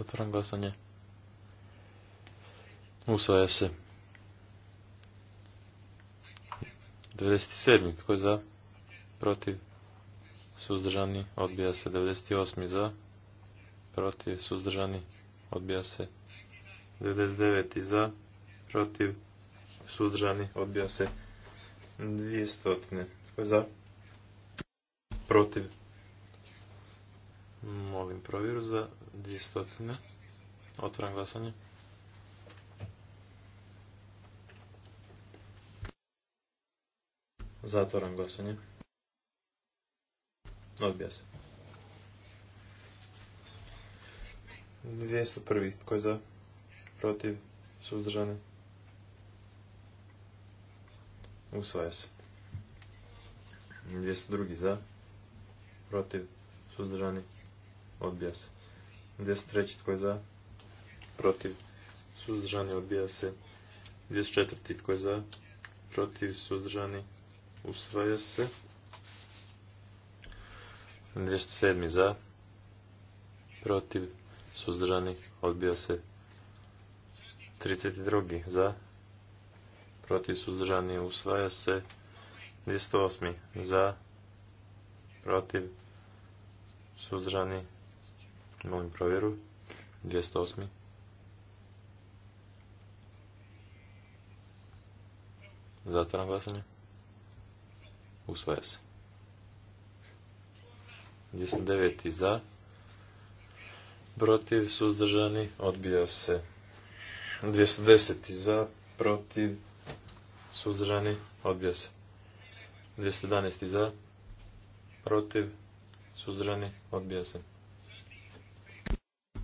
Otvaram glasanje. Usvaja se. 97. Tko je za? Protiv? Suzdržani? Odbija se. 98. Za? Protiv? Suzdržani? Odbija se. 99. Za? Protiv? Suzdržani? Odbija se. 200. Tko je za? protiv. Molim provjeru za 200. Otvaram glasanje. Zatvoram glasanje. Odbija se. 201. Ko je za? Protiv? Suzdržane? Usvaja se. 202. Za? protiv, suzdržani, odbija se. treći tko je za, protiv, suzdržani, odbija se. četiri tko je za, protiv, suzdržani, usvaja se. 207. za, protiv, suzdržani, odbija se. 32. za, protiv, suzdržani, usvaja se. 208. za, protiv, suzdržani, molim provjeru, 208. Zatvaram glasanje. Usvaja se. 209. za. Protiv, suzdržani, odbija se. 210. za, protiv, suzdržani, odbija se. 211. za, protiv, suzdržani, odbija se.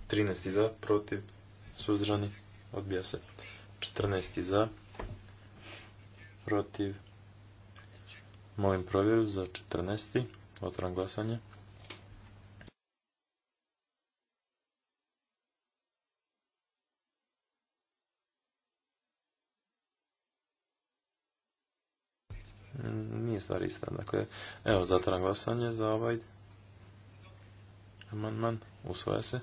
13. za, protiv, suzdržani, odbija se. 14. za, protiv, molim provjeru za 14. otvoram glasanje. stvar ista. Dakle, evo, zatvaram glasanje za ovaj amandman. usvoja se.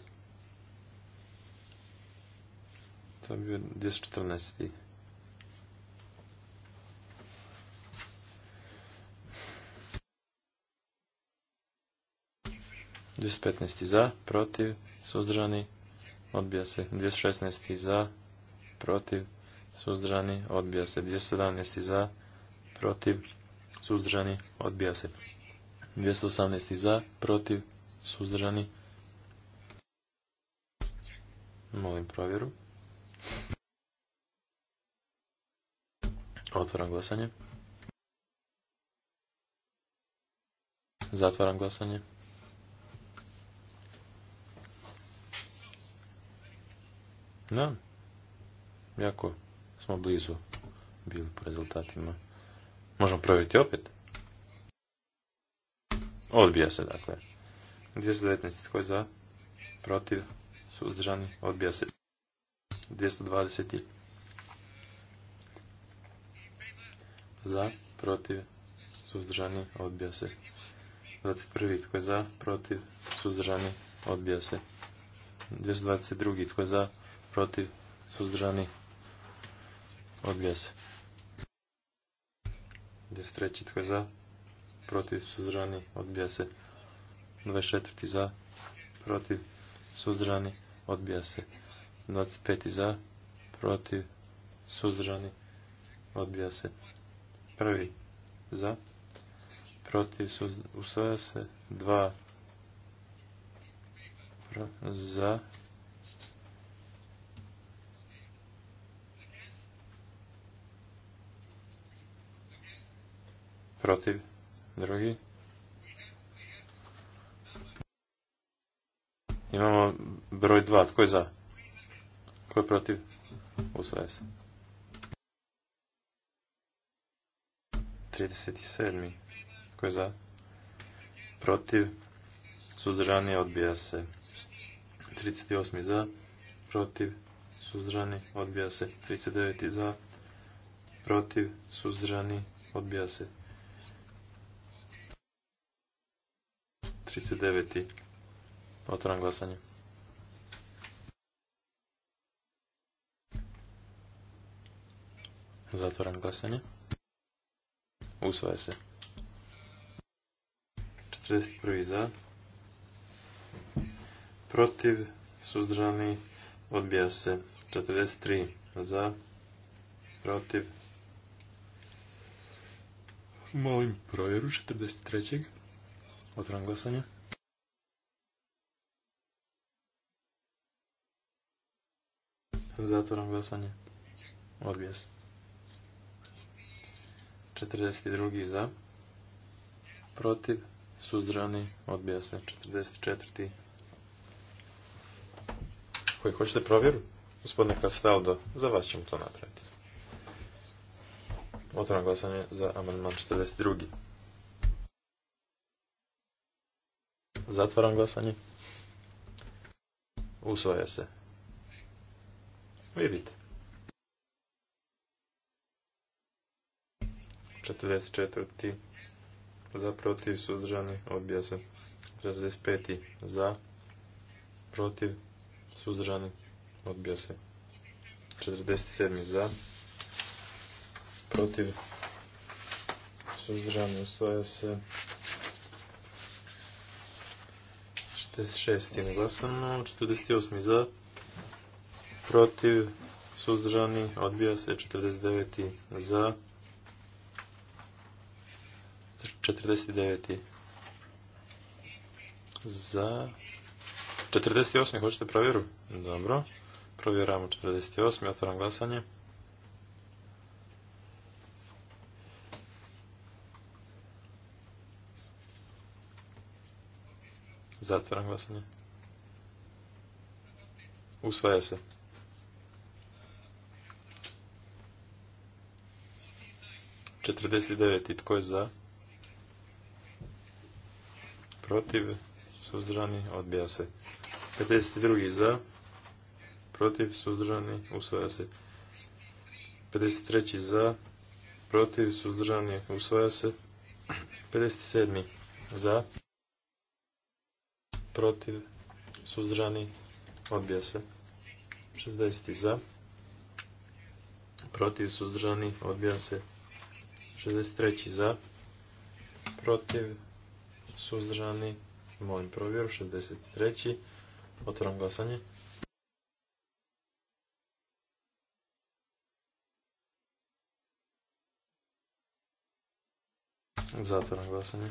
To je bio 214. 215 za, protiv, suzdržani, odbija se. 216 za, protiv, suzdržani, odbija se. 217 za, protiv, suzdržani, odbija se. 218. za, protiv, suzdržani. Molim provjeru. Otvaram glasanje. Zatvaram glasanje. Da, jako smo blizu bili po rezultatima. Možemo provjeriti opet. Odbija se, dakle. 219. Tko je za? Protiv? Suzdržani? Odbija se. 220. Za? Protiv? Suzdržani? Odbija se. 21. Tko je za? Protiv? Suzdržani? Odbija se. 222. Tko je za? Protiv? Suzdržani? Odbija se. 23. tko za, protiv, suzdržani, odbija se. 24. za, protiv, suzdržani, odbija se. 25. za, protiv, suzdržani, odbija se. Prvi za, protiv, usvaja se. 2. za, Protiv? Drugi? Imamo broj dva. Tko je za? Tko je protiv? Usvaja se. 37. Tko je za? Protiv? Suzdržani odbija se. 38. za? Protiv? Suzdržani odbija se. 39. za? Protiv? Suzdržani odbija se. 39. Otvoram glasanje. Zatvoram glasanje. Usvaja se. 41. za. Protiv. Suzdržani. Odbija se. 43. za. Protiv. Molim provjeru 43. Otvoram glasanje. Zatvoram glasanje. Odbija se. 42. za. Protiv. Suzdrani. Odbija se. 44. Koji hoćete provjeru? Gospodine Castaldo, za vas ćemo to napraviti. Otvoram glasanje za amandman 42. Zatvaram glasanje. Usvaja se. Vidite. 44. Za protiv suzdržani odbija se. 65. Za protiv suzdržani odbija se. 47. Za protiv suzdržani usvaja se. 46. ne 48. za, protiv, suzdržani, odbija se, 49. za, 49. za, 48. hoćete provjeru? Dobro, provjeramo 48. otvaram glasanje. Zatvaram glasanje. Usvaja se. 49. Tko je za? Protiv? Suzdržani? Odbija se. 52. Za? Protiv? Suzdržani? Usvaja se. 53. Za? Protiv? Suzdržani? Usvaja se. 57. Za? protiv, suzdržani, odbija se. 60. za, protiv, suzdržani, odbija se. 63. za, protiv, suzdržani, molim provjeru. 63. otvaram glasanje. Zatvaram glasanje.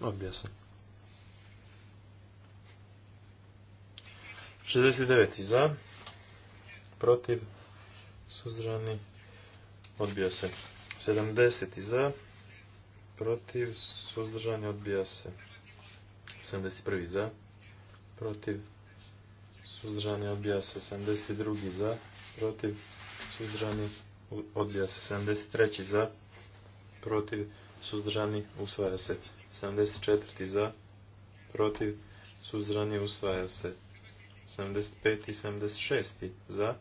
Odbija se. 69. za, protiv, suzdržani, odbija se. 70. za, protiv, suzdržani, odbija se. 71. za, protiv, suzdržani, odbija se. 72. za, protiv, suzdržani, odbija se. 73. za, protiv, suzdržani, usvaja se. 74. za, protiv, suzdržani, usvaja se. 75. i 76. za,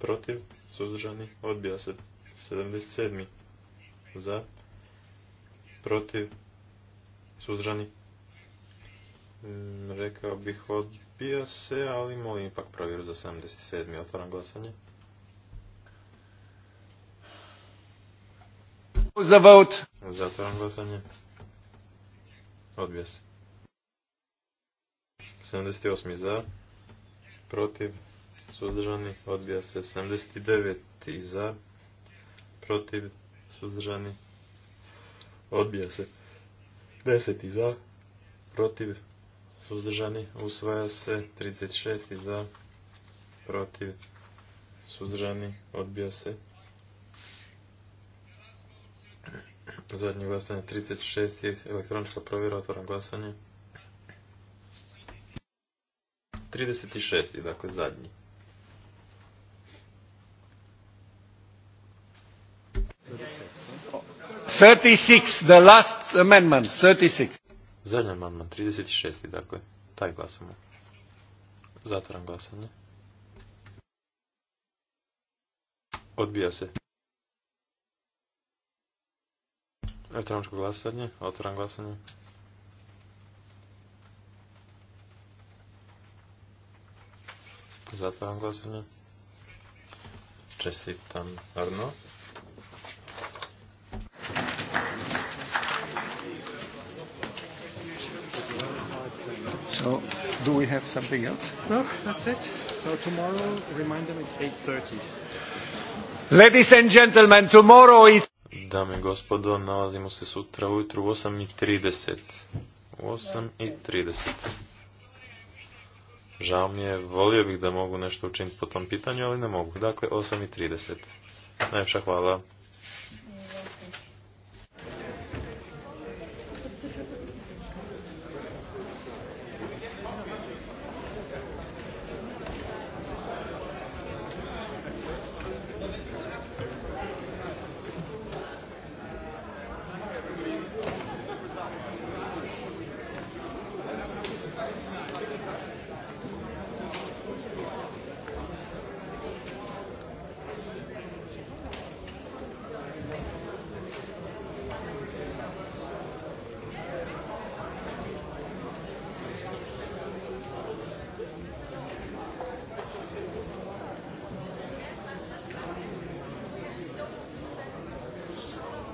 protiv, suzdržani, odbija se. 77. za, protiv, suzdržani, mm, rekao bih odbija se, ali molim ipak provjeru za 77. otvaram glasanje. Za vote. Zatvaram glasanje. Odbija se. 78. za, protiv, suzdržani, odbija se 79 za, protiv, suzdržani, odbija se 10 za, protiv, suzdržani, usvaja se 36 za, protiv, suzdržani, odbija se. Zadnje glasanje 36. elektronička provjera, otvoram glasanje. 36. Dakle, zadnji. Thirty the last amendment, Zadnji amandman, 36. Dakle, taj glasamo. Zatvaram glasanje. Odbija se. Elektroničko glasanje, otvaram glasanje. Zatvaram glasanje. Čestitam Arno. So, do we have something else? No, that's it. So tomorrow, remind them it's 8.30. Ladies and gentlemen, tomorrow is... Dame i gospodo, nalazimo se sutra ujutru u 8.30. 8.30. Žao mi je, volio bih da mogu nešto učiniti po tom pitanju, ali ne mogu. Dakle, 8.30. Najljepša hvala.